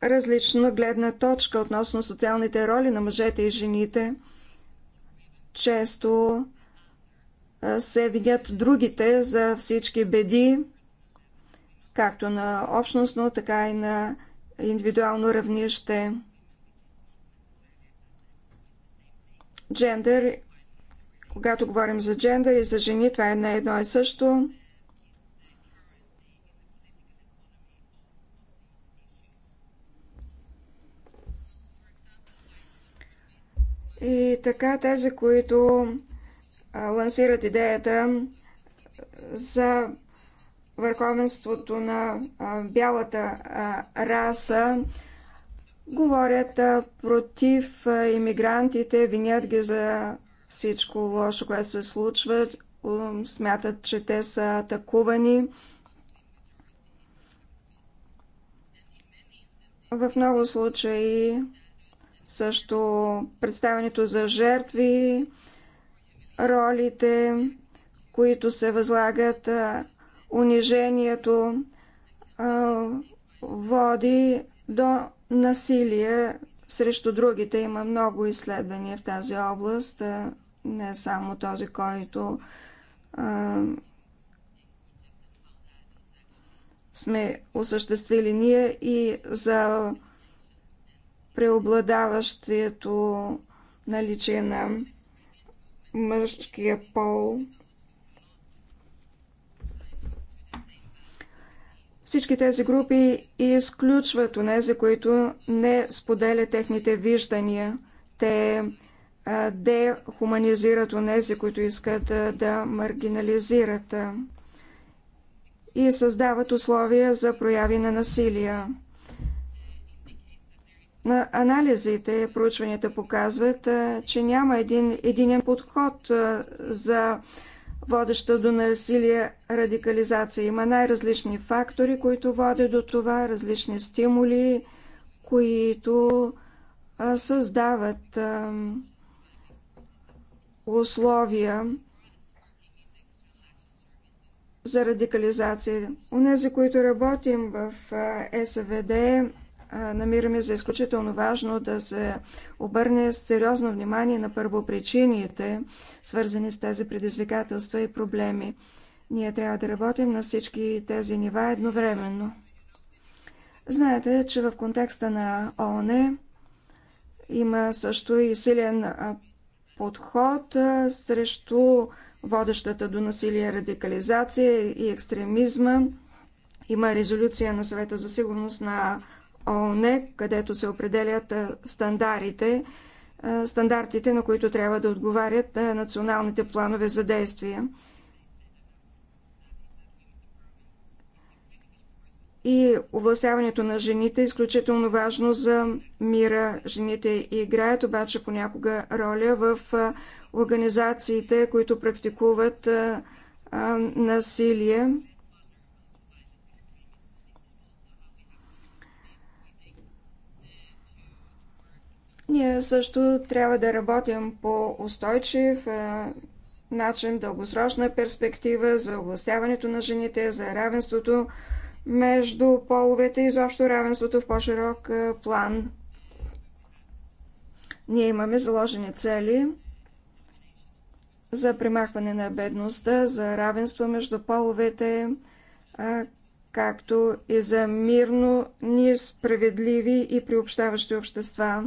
различна гледна точка относно социалните роли на мъжете и жените. Често а, се видят другите за всички беди, както на общностно, така и на индивидуално равнище. Джендър, когато говорим за джендър и за жени, това е на едно и също. И така тези, които лансират идеята за върховенството на бялата раса, говорят против иммигрантите, винят ги за всичко лошо, което се случва, смятат, че те са атакувани. В много случаи също представянето за жертви, ролите, които се възлагат, унижението води до насилие срещу другите. Има много изследвания в тази област, не само този, който сме осъществили ние и за преобладаващието наличие на мъжкия пол. Всички тези групи изключват онези, които не споделят техните виждания. Те дехуманизират онези, които искат да маргинализират и създават условия за прояви на насилие. Анализите, проучванията показват, че няма един единен подход за водеща до насилие радикализация. Има най-различни фактори, които водят до това, различни стимули, които създават условия за радикализация. Унези, които работим в СВД, намираме за изключително важно да се обърне сериозно внимание на първопричините, свързани с тези предизвикателства и проблеми. Ние трябва да работим на всички тези нива едновременно. Знаете, че в контекста на ООН има също и силен подход срещу водещата до насилие радикализация и екстремизма. Има резолюция на съвета за сигурност на ООН, където се определят стандартите, стандартите, на които трябва да отговарят националните планове за действие. и овластяването на жените е изключително важно за мира. Жените играят обаче понякога роля в организациите, които практикуват насилие. Ние също трябва да работим по устойчив начин, дългосрочна перспектива за областяването на жените, за равенството между половете и изобщо равенството в по-широк план. Ние имаме заложени цели за примахване на бедността, за равенство между половете, както и за мирно, справедливи и приобщаващи общества.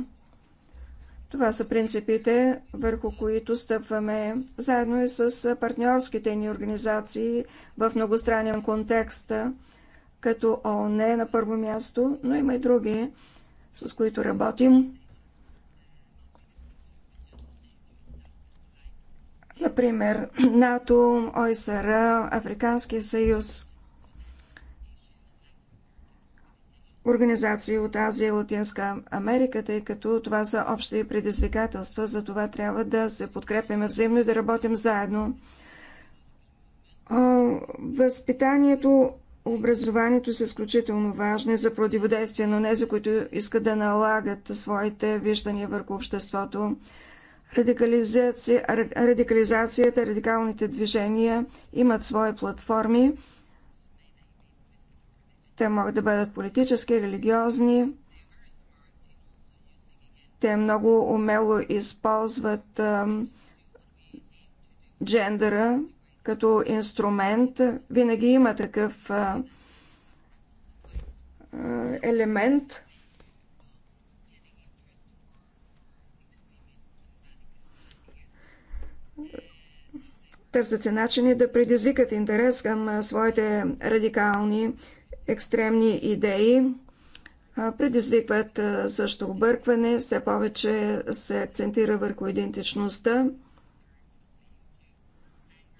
Това са принципите, върху които стъпваме заедно и с партньорските ни организации в многостранен контекст, като ООН е на първо място, но има и други, с които работим. Например, НАТО, ОСР, Африканския съюз. организации от Азия и Латинска Америка, тъй като това са общи предизвикателства, за това трябва да се подкрепяме взаимно и да работим заедно. Възпитанието, образованието са изключително важни за противодействие на тези, които искат да налагат своите виждания върху обществото. Радикализацията, радикалните движения имат свои платформи – те могат да бъдат политически, религиозни. Те много умело използват джендъра като инструмент. Винаги има такъв елемент. Търсят се начини да предизвикат интерес към своите радикални екстремни идеи предизвикват също объркване, все повече се акцентира върху идентичността,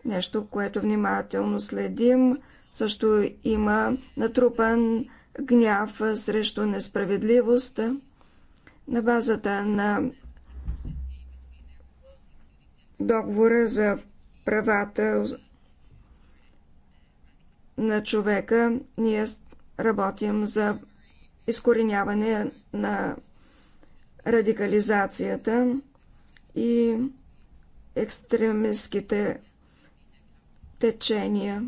нещо, което внимателно следим. Също има натрупан гняв срещу несправедливост на базата на договора за правата на човека, ние работим за изкореняване на радикализацията и екстремистските течения.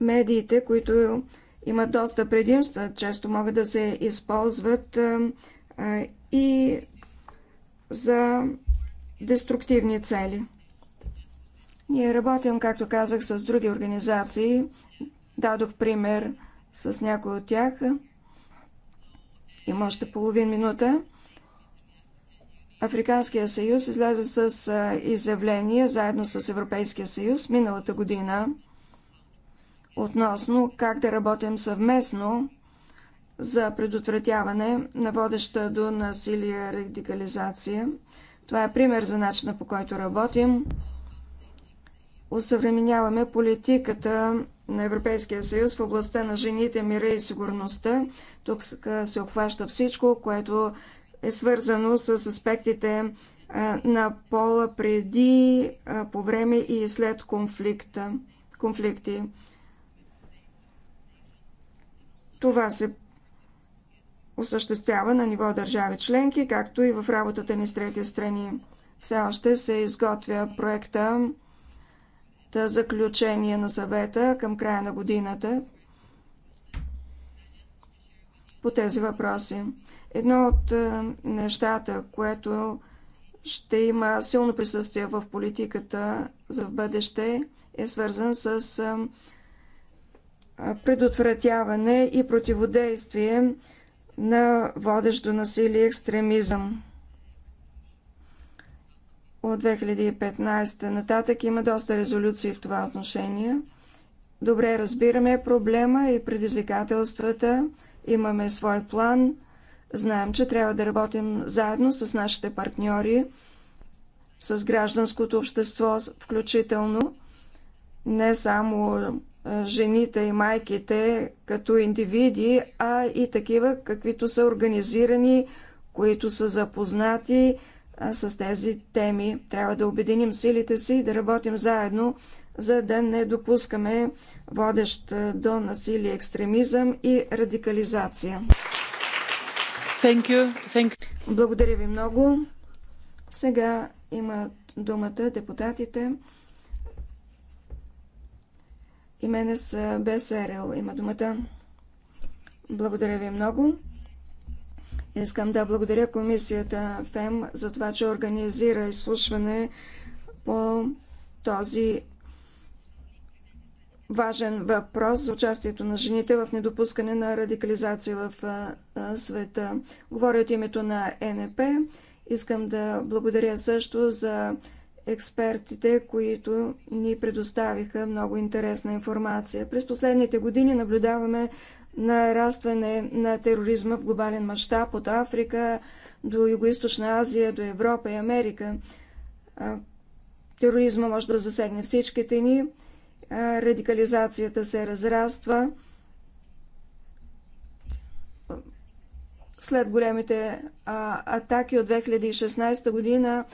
Медиите, които имат доста предимства, често могат да се използват и за деструктивни цели. Ние работим, както казах, с други организации. Дадох пример с някой от тях. Има още половин минута. Африканския съюз излезе с изявление заедно с Европейския съюз миналата година относно как да работим съвместно за предотвратяване на водеща до насилие радикализация. Това е пример за начина по който работим. Осъвременяваме политиката на Европейския съюз в областта на жените, мира и сигурността. Тук се обхваща всичко, което е свързано с аспектите на пола преди, по време и след конфликта, конфликти. Това се осъществява на ниво държави членки, както и в работата ни с трети страни. Все още се изготвя проекта заключение на съвета към края на годината по тези въпроси. Едно от нещата, което ще има силно присъствие в политиката за бъдеще, е свързан с предотвратяване и противодействие на водещо насилие насилие екстремизъм от 2015 нататък има доста резолюции в това отношение. Добре разбираме проблема и предизвикателствата, имаме свой план, знаем, че трябва да работим заедно с нашите партньори, с гражданското общество включително, не само жените и майките като индивиди, а и такива, каквито са организирани, които са запознати с тези теми. Трябва да обединим силите си и да работим заедно, за да не допускаме водещ до насилие екстремизъм и радикализация. Thank you. Thank you. Благодаря ви много. Сега имат думата депутатите. са Бесерел има думата. Благодаря ви много. Искам да благодаря комисията ФЕМ за това, че организира изслушване по този важен въпрос за участието на жените в недопускане на радикализация в света. Говоря от името на НП. Искам да благодаря също за експертите, които ни предоставиха много интересна информация. През последните години наблюдаваме нарастване на тероризма в глобален мащаб от Африка до Юго-Источна Азия, до Европа и Америка. Тероризма може да засегне всичките ни. Радикализацията се разраства. След големите атаки от 2016 година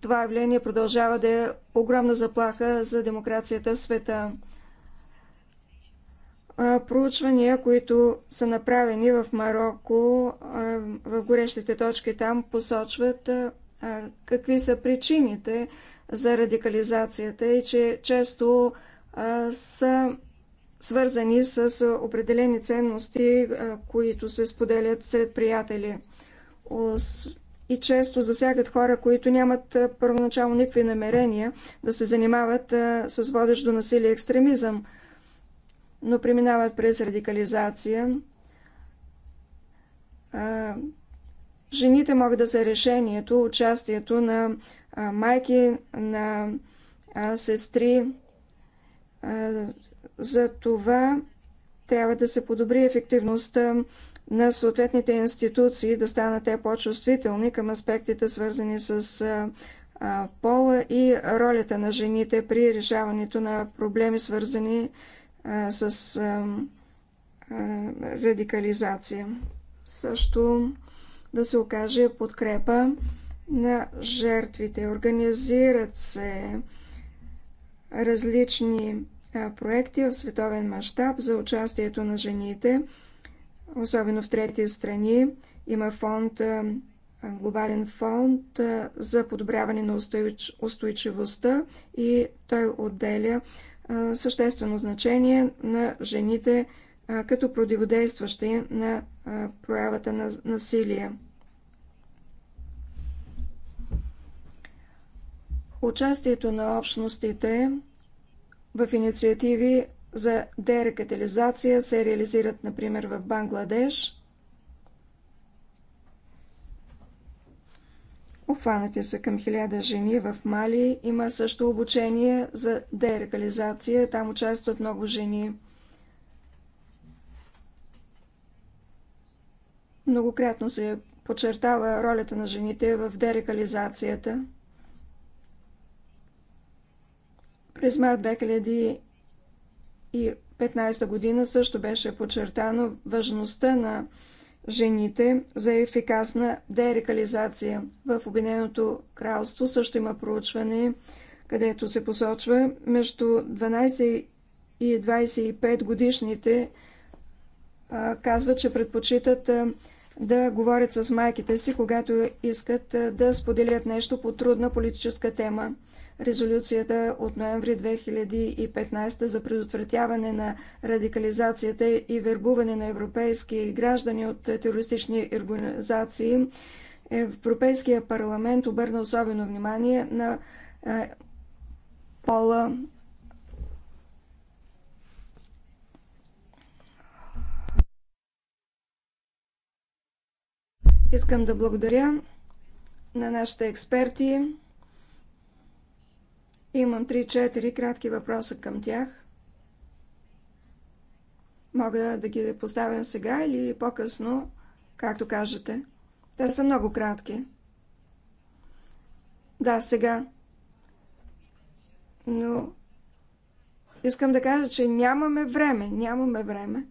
това явление продължава да е огромна заплаха за демокрацията в света проучвания, които са направени в Марокко, в горещите точки там посочват какви са причините за радикализацията и че често са свързани с определени ценности, които се споделят сред приятели. И често засягат хора, които нямат първоначално никакви намерения да се занимават с водещ до насилие екстремизъм – но преминават през радикализация. Жените могат да са решението, участието на майки, на сестри. За това трябва да се подобри ефективността на съответните институции, да станат те по-чувствителни към аспектите, свързани с пола и ролята на жените при решаването на проблеми, свързани с с радикализация. Също да се окаже подкрепа на жертвите. Организират се различни проекти в световен мащаб за участието на жените, особено в трети страни. Има фонд, глобален фонд за подобряване на устойчивостта и той отделя съществено значение на жените като противодействащи на проявата на насилие. Участието на общностите в инициативи за дерекатализация се реализират, например, в Бангладеш – Обхванати са към 1000 жени в Мали. Има също обучение за дерекализация. Там участват много жени. Многократно се подчертава ролята на жените в дерекализацията. През март 2015 година също беше подчертано важността на жените за ефикасна дерекализация. В Обединеното кралство също има проучване, където се посочва между 12 и 25 годишните казват, че предпочитат да говорят с майките си, когато искат да споделят нещо по трудна политическа тема резолюцията от ноември 2015 за предотвратяване на радикализацията и вербуване на европейски граждани от терористични организации, е Европейския парламент обърна особено внимание на е, пола Искам да благодаря на нашите експерти. Имам 3-4 кратки въпроса към тях. Мога да ги поставям сега или по-късно, както кажете. Те са много кратки. Да, сега. Но искам да кажа, че нямаме време. Нямаме време.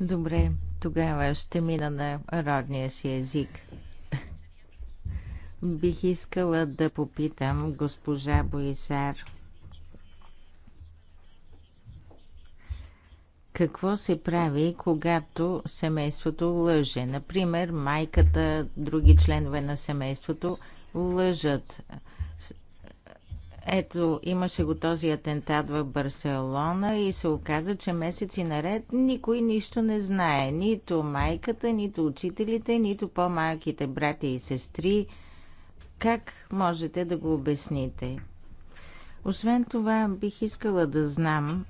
Добре, тогава ще мина на родния си език. Бих искала да попитам госпожа Боисар. Какво се прави, когато семейството лъже? Например, майката, други членове на семейството лъжат. Ето, имаше го този атентат в Барселона и се оказа, че месеци наред никой нищо не знае. Нито майката, нито учителите, нито по-малките брати и сестри. Как можете да го обясните? Освен това, бих искала да знам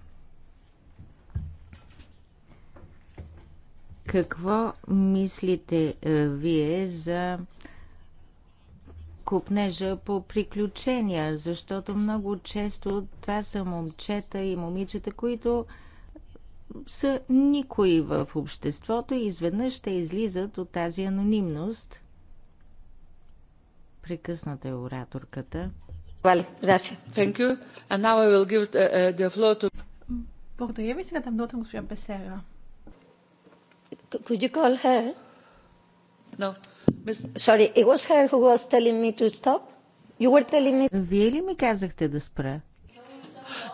какво мислите е, вие за купнежа по приключения, защото много често това са момчета и момичета, които са никои в обществото и изведнъж ще излизат от тази анонимност Прекъсната е ораторката. Благодаря ви, сега дам думата на госпожа Песера. Could you call her? No. Miss... Sorry, it was her who was telling me to stop. You were telling me... Вие ли ми казахте да спра?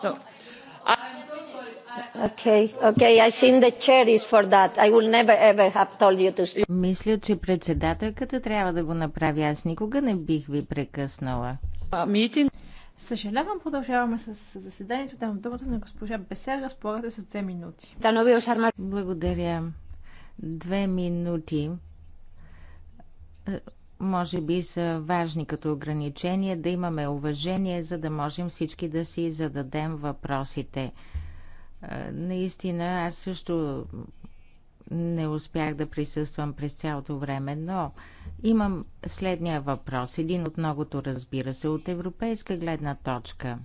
No. Okay, okay, I think the chair is for that. I will never ever have told you to Мисля, че председателката трябва да го направи. Аз никога не бих ви прекъснала. Митинг. Съжалявам, продължаваме с заседанието. Давам думата на госпожа Бесер. Разполагате с две минути. Благодаря. Две минути е, може би са важни като ограничения, да имаме уважение, за да можем всички да си зададем въпросите – Наистина, аз също не успях да присъствам през цялото време, но имам следния въпрос. Един от многото, разбира се, от европейска гледна точка,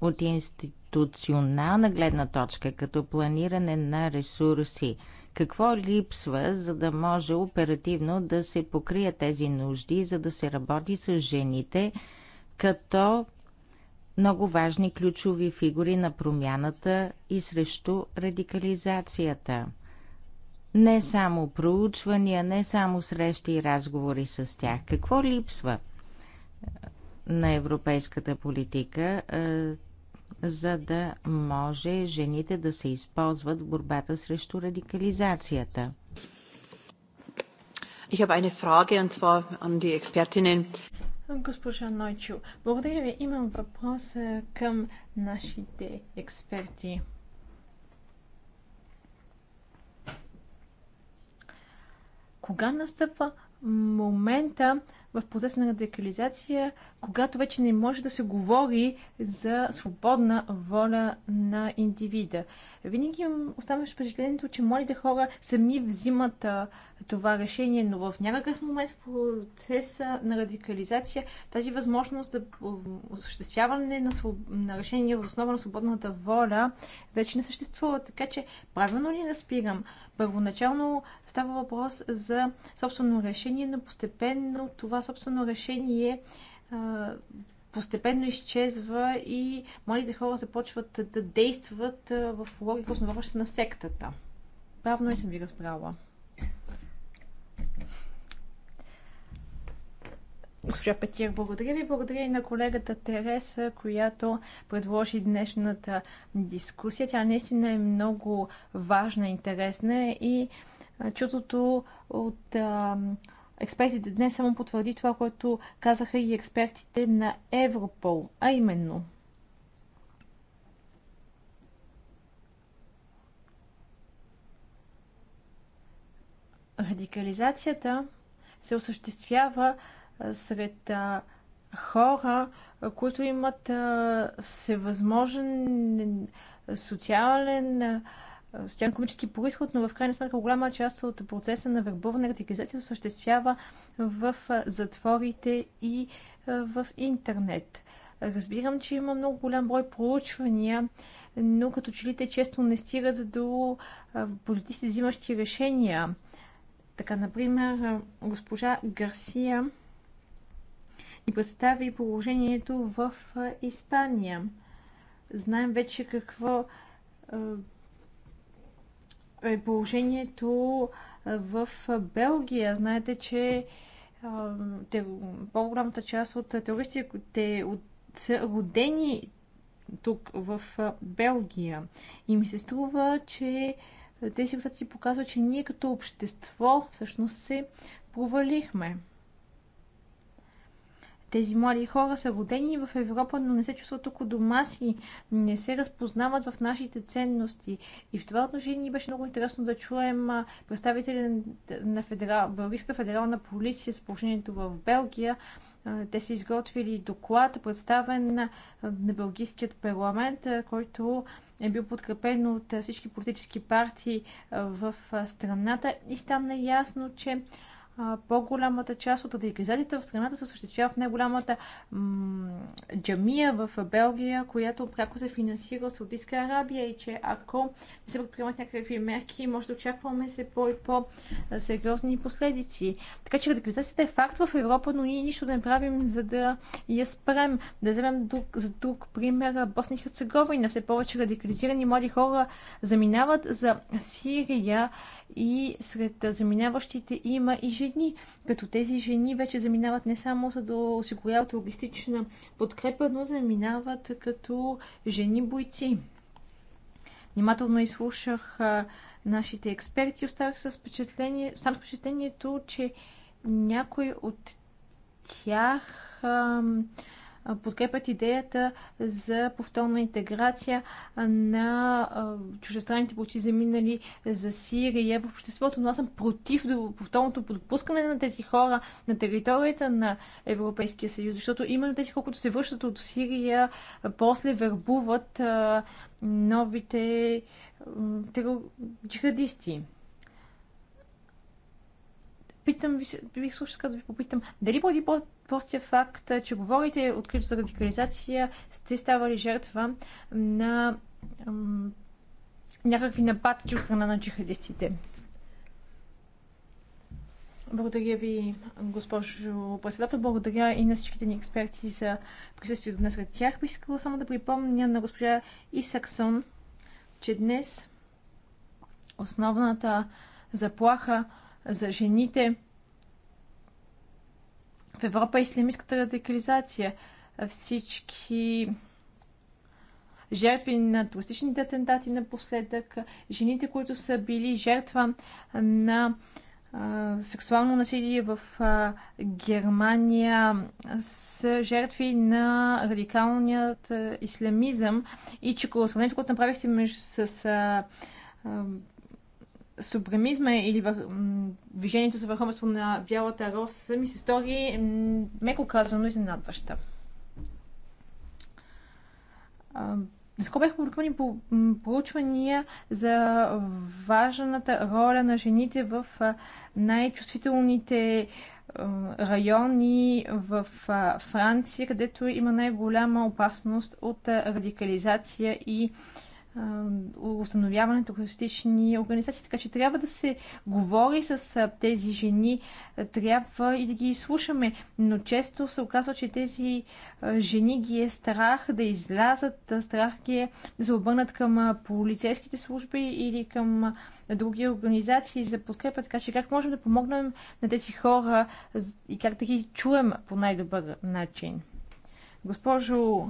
от институционална гледна точка, като планиране на ресурси. Какво липсва, за да може оперативно да се покрият тези нужди, за да се работи с жените, като много важни ключови фигури на промяната и срещу радикализацията. Не само проучвания, не само срещи и разговори с тях. Какво липсва е, на европейската политика, е, за да може жените да се използват в борбата срещу радикализацията? Ich habe eine Frage und zwar an die Expertinnen. Госпожа Нойчо, благодаря ви. Имам въпрос е, към нашите експерти. Кога настъпва момента, в процес на радикализация, когато вече не може да се говори за свободна воля на индивида. Винаги оставаш впечатлението, че младите хора сами взимат а, това решение, но в някакъв момент в процеса на радикализация тази възможност за осъществяване на, своб... на решение в основа на свободната воля вече не съществува. Така че правилно ли разбирам? Да Първоначално става въпрос за собствено решение, но постепенно това собствено решение постепенно изчезва и младите хора започват да действат в логика, основаваща се на сектата. Правно ли съм ви разбрала? госпожа Петир. Благодаря ви, благодаря и на колегата Тереса, която предложи днешната дискусия. Тя наистина е много важна, интересна и чутото от а, експертите днес само потвърди това, което казаха и експертите на Европол, а именно – радикализацията се осъществява сред хора, които имат всевъзможен социален социално-комически происход, но в крайна сметка голяма част от процеса на вербуване и радикализация се осъществява в затворите и в интернет. Разбирам, че има много голям брой проучвания, но като че ли те често не стигат до политици, взимащи решения. Така, например, госпожа Гарсия ни представи положението в Испания. Знаем вече какво е положението в Белгия. Знаете, че по-голямата част от терористите са родени тук в Белгия. И ми се струва, че тези резултати показват, че ние като общество всъщност се провалихме. Тези млади хора са родени в Европа, но не се чувстват тук у дома си, не се разпознават в нашите ценности. И в това отношение беше много интересно да чуем представители на федерал, Българската федерална полиция с положението в Белгия. Те са изготвили доклад, представен на, на Белгийският парламент, който е бил подкрепен от всички политически партии в страната и стана ясно, че по-голямата част от радикализацията в страната се осъществява в най-голямата джамия в Белгия, която пряко се финансира от Саудитска Арабия и че ако не се предприемат някакви мерки, може да очакваме се по- и по-сериозни последици. Така че радикализацията е факт в Европа, но ние нищо не правим, за да я спрем. Да вземем друг, за друг пример Босния и Херцеговина. Все повече радикализирани млади хора заминават за Сирия и сред заминаващите има и жени, като тези жени вече заминават не само за да осигуряват логистична подкрепа, но заминават като жени бойци. Внимателно изслушах нашите експерти и оставах с впечатление, с впечатлението, че някой от тях ам, подкрепят идеята за повторна интеграция на чужестранните бойци заминали за Сирия в обществото, но аз съм против повторното подпускане на тези хора на територията на Европейския съюз, защото именно тези хора, които се връщат от Сирия, после вербуват новите джихадисти ви, бих слушал така да ви попитам, дали поради простия факт, че говорите открито за радикализация, сте ставали жертва на някакви нападки от страна на джихадистите? Благодаря ви, госпожо председател. Благодаря и на всичките ни експерти за присъствието днес сред тях. Бих искала само да припомня на госпожа Исаксон, че днес основната заплаха за жените в Европа е радикализация. Всички жертви на туристичните атентати напоследък, жените, които са били жертва на а, сексуално насилие в а, Германия, са жертви на радикалният а, ислямизъм и че сравнението, което направихте между, с а, супремизма или вър... движението за върховенство на бялата роса ми се стори, меко казано, изненадваща. Скоро бяха публикувани по проучвания за важната роля на жените в най-чувствителните райони в Франция, където има най-голяма опасност от радикализация и установяването на организации. Така че трябва да се говори с тези жени, трябва и да ги слушаме. Но често се оказва, че тези жени ги е страх да излязат, страх ги е да се обърнат към полицейските служби или към други организации за подкрепа. Така че как можем да помогнем на тези хора и как да ги чуем по най-добър начин? Госпожо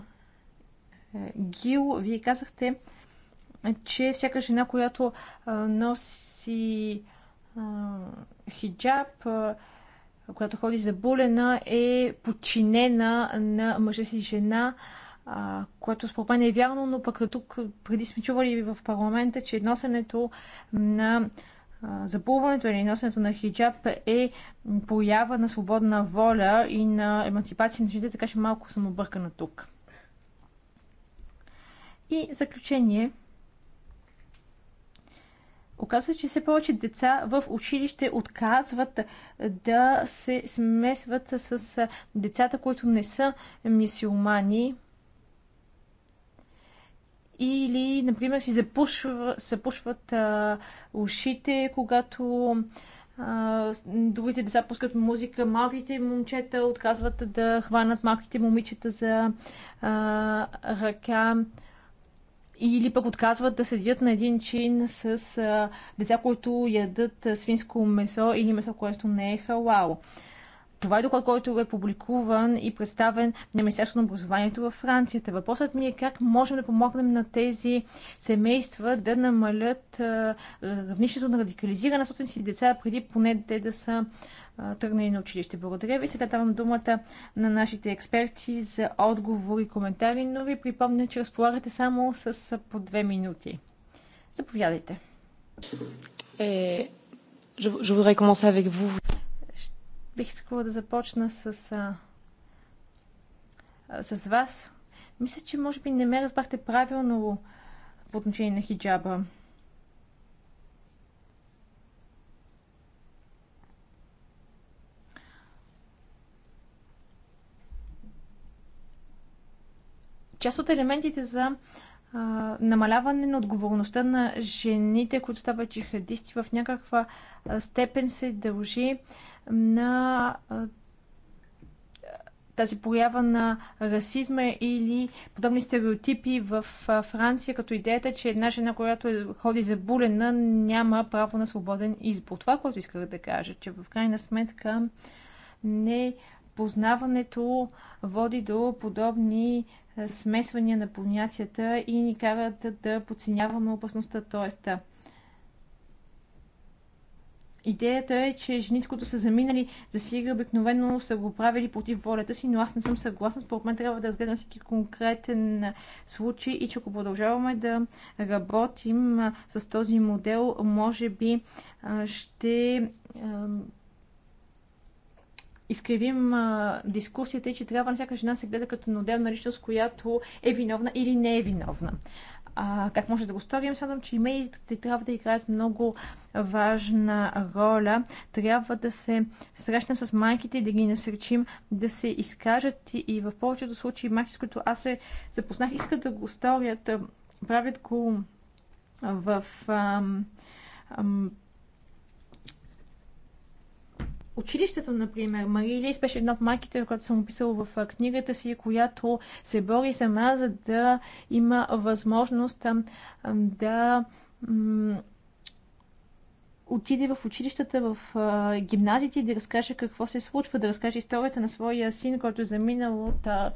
е, Гил, вие казахте, че всяка жена, която носи хиджаб, която ходи заболена, е подчинена на мъжа си жена, а, което според мен е вярно, но пък тук преди сме чували в парламента, че носенето на забуването или носенето на хиджаб е поява на свободна воля и на емансипация на жените, така че малко съм объркана тук. И заключение – Оказва се, че все повече деца в училище отказват е, да се смесват с е, децата, които не са мисиомани или, например, си запушва, запушват а, е, ушите, когато а, другите деца пускат музика. Малките момчета отказват да хванат малките момичета за а, ръка или пък отказват да седят на един чин с деца, които ядат свинско месо или месо, което не е халало. Това е доклад, който е публикуван и представен на Министерството на образованието във Франция. Въпросът ми е как можем да помогнем на тези семейства да намалят равнището на радикализиране на собствените си деца, преди поне те да са тръгнали на училище. Благодаря ви. Сега давам думата на нашите експерти за отговори и коментари, но ви припомня, че разполагате само с по две минути. Заповядайте. Е, je, je voudrais commencer avec vous. Бих искала да започна с, а, с вас. Мисля, че може би не ме разбрахте правилно по отношение на хиджаба. част от елементите за а, намаляване на отговорността на жените, които стават джихадисти, в някаква степен се дължи на тази поява на расизма или подобни стереотипи в Франция, като идеята, че една жена, която е, ходи забулена, няма право на свободен избор. Това, което исках да кажа, че в крайна сметка не познаването води до подобни смесвания на понятията и ни карат да подценяваме опасността. Тоест, Идеята е, че жените, които са заминали за Сирия, обикновено са го правили против волята си, но аз не съм съгласна. Според мен трябва да разгледам всеки конкретен случай и че ако продължаваме да работим с този модел, може би ще изкривим дискусията и че трябва на всяка жена се гледа като модел на личност, която е виновна или не е виновна. А, как може да го сторим? Смятам, че имейлите трябва да играят много важна роля. Трябва да се срещнем с майките и да ги насречим да се изкажат и в повечето случаи майки, с които аз се запознах, искат да го сторят, правят го в ам, ам, училището, например. Мария Лис беше една от майките, която съм описала в книгата си, която се бори сама, за да има възможност да отиде в училищата, в а, и да разкаже какво се случва, да разкаже историята на своя син, който е заминал от а,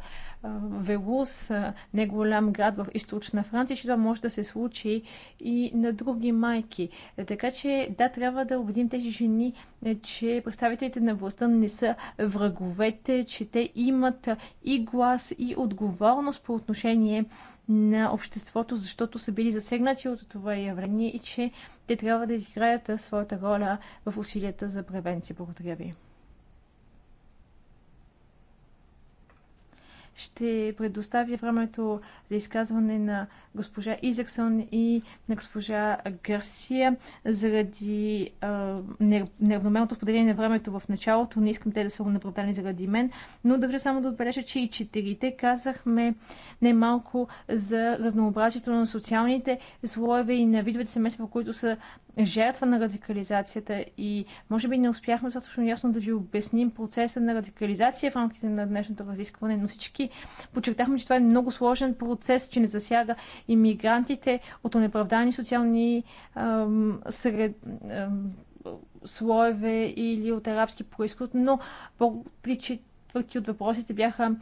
Велус, неголям град в източна Франция, че това може да се случи и на други майки. Е, така че, да, трябва да убедим тези жени, е, че представителите на властта не са враговете, че те имат и глас, и отговорност по отношение на обществото, защото са били засегнати от това явление и че те трябва да изиграят своята роля в усилията за превенция. Благодаря ви. ще предоставя времето за изказване на госпожа Изаксон и на госпожа Гарсия. Заради а, неравномерното споделение на времето в началото, не искам те да са направдани заради мен, но държа само да отбележа, че и четирите казахме немалко за разнообразието на социалните слоеве и на видовете семейства, в които са жертва на радикализацията и може би не успяхме достатъчно ясно да ви обясним процеса на радикализация в рамките на днешното разискване, но всички подчертахме, че това е много сложен процес, че не засяга иммигрантите от онеправдани социални ам, сред, ам, слоеве или от арабски происход, но по-три четвърти от въпросите бяха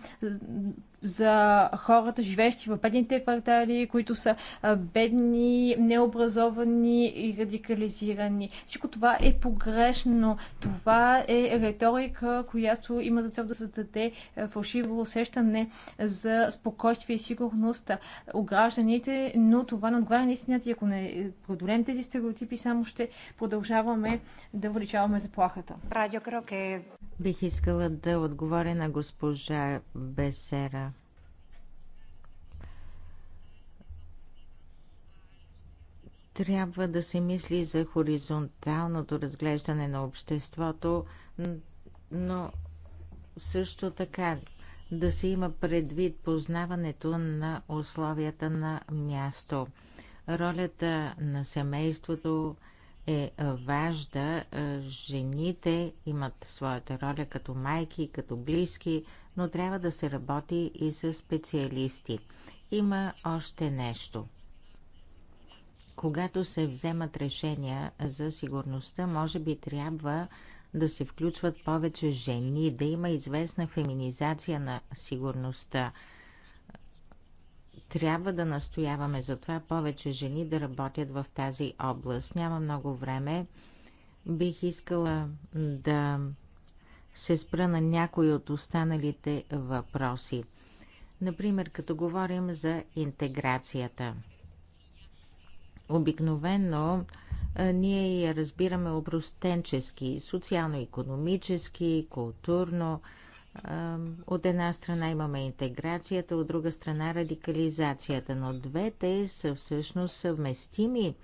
за хората, живеещи в бедните квартали, които са бедни, необразовани и радикализирани. Всичко това е погрешно. Това е риторика, която има за цел да създаде фалшиво усещане за спокойствие и сигурност у гражданите, но това не отговаря наистина и ако не продолем тези стереотипи, само ще продължаваме да увеличаваме заплахата. Радио Крок е... Бих искала да отговоря на госпожа Бесера. Трябва да се мисли за хоризонталното разглеждане на обществото, но също така да се има предвид познаването на условията на място. Ролята на семейството е важда. Жените имат своята роля като майки, като близки, но трябва да се работи и с специалисти. Има още нещо когато се вземат решения за сигурността, може би трябва да се включват повече жени, да има известна феминизация на сигурността. Трябва да настояваме за това повече жени да работят в тази област. Няма много време. Бих искала да се спра на някои от останалите въпроси. Например, като говорим за интеграцията – Обикновено ние я разбираме обростенчески, социално-економически, културно. От една страна имаме интеграцията, от друга страна радикализацията, но двете са всъщност съвместими.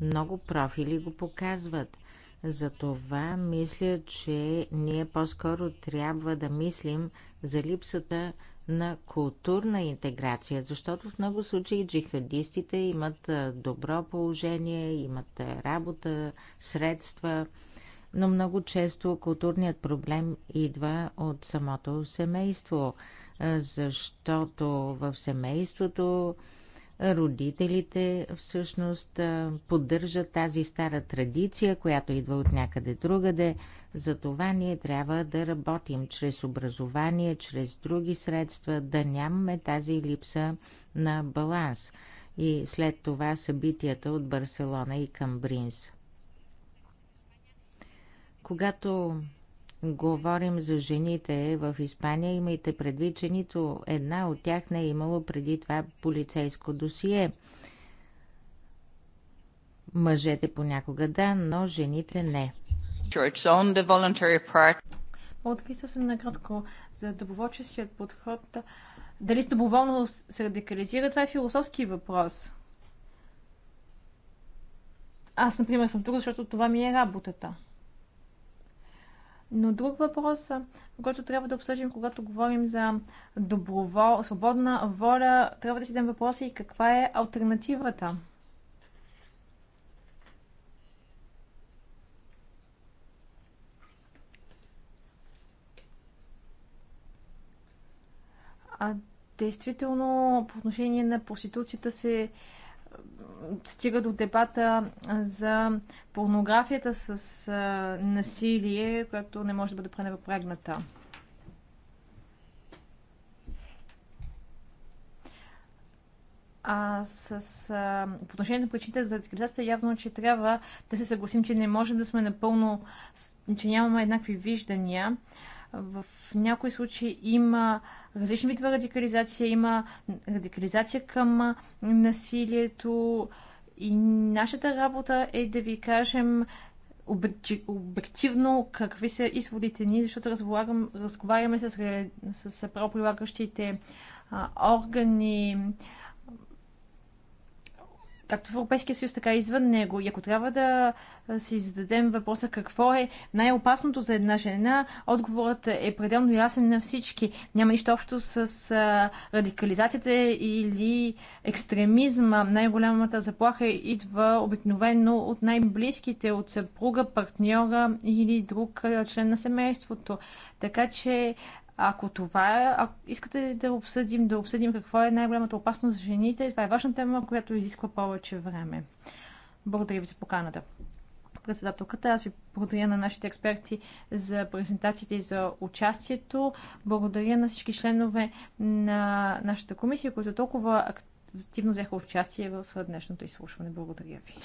Много профили го показват. Затова мисля, че ние по-скоро трябва да мислим за липсата на културна интеграция, защото в много случаи джихадистите имат добро положение, имат работа, средства, но много често културният проблем идва от самото семейство, защото в семейството Родителите всъщност поддържат тази стара традиция, която идва от някъде другаде. За това ние трябва да работим чрез образование, чрез други средства, да нямаме тази липса на баланс. И след това събитията от Барселона и Камбринс. Когато говорим за жените в Испания, имайте предвид, че нито една от тях не е имало преди това полицейско досие. Мъжете понякога да, но жените не. Отписал съм накратко за доброволческият подход. Дали доброволно се радикализира, това е философски въпрос. Аз, например, съм тук, защото това ми е работата. Но друг въпрос, който трябва да обсъдим, когато говорим за добровол, свободна воля, трябва да си дадем въпроса и каква е альтернативата. А действително по отношение на проституцията се стига до дебата за порнографията с насилие, която не може да бъде пренебрегната. а с а, по отношение на причините за радикализацията, явно, че трябва да се съгласим, че не можем да сме напълно, че нямаме еднакви виждания. В някои случаи има различни видове радикализация, има радикализация към насилието и нашата работа е да ви кажем обективно какви са изводите ни, защото разговаряме с, с правоприлагащите органи, както в Европейския съюз, така и извън него. И ако трябва да си зададем въпроса какво е най-опасното за една жена, отговорът е пределно ясен на всички. Няма нищо общо с радикализацията или екстремизма. Най-голямата заплаха идва обикновено от най-близките, от съпруга, партньора или друг член на семейството. Така че ако това е, ако искате да обсъдим, да обсъдим какво е най-голямата опасност за жените, това е важна тема, която изисква повече време. Благодаря ви за поканата. Председателката, аз ви благодаря на нашите експерти за презентациите и за участието. Благодаря на всички членове на нашата комисия, които толкова активно взеха участие в днешното изслушване. Благодаря ви.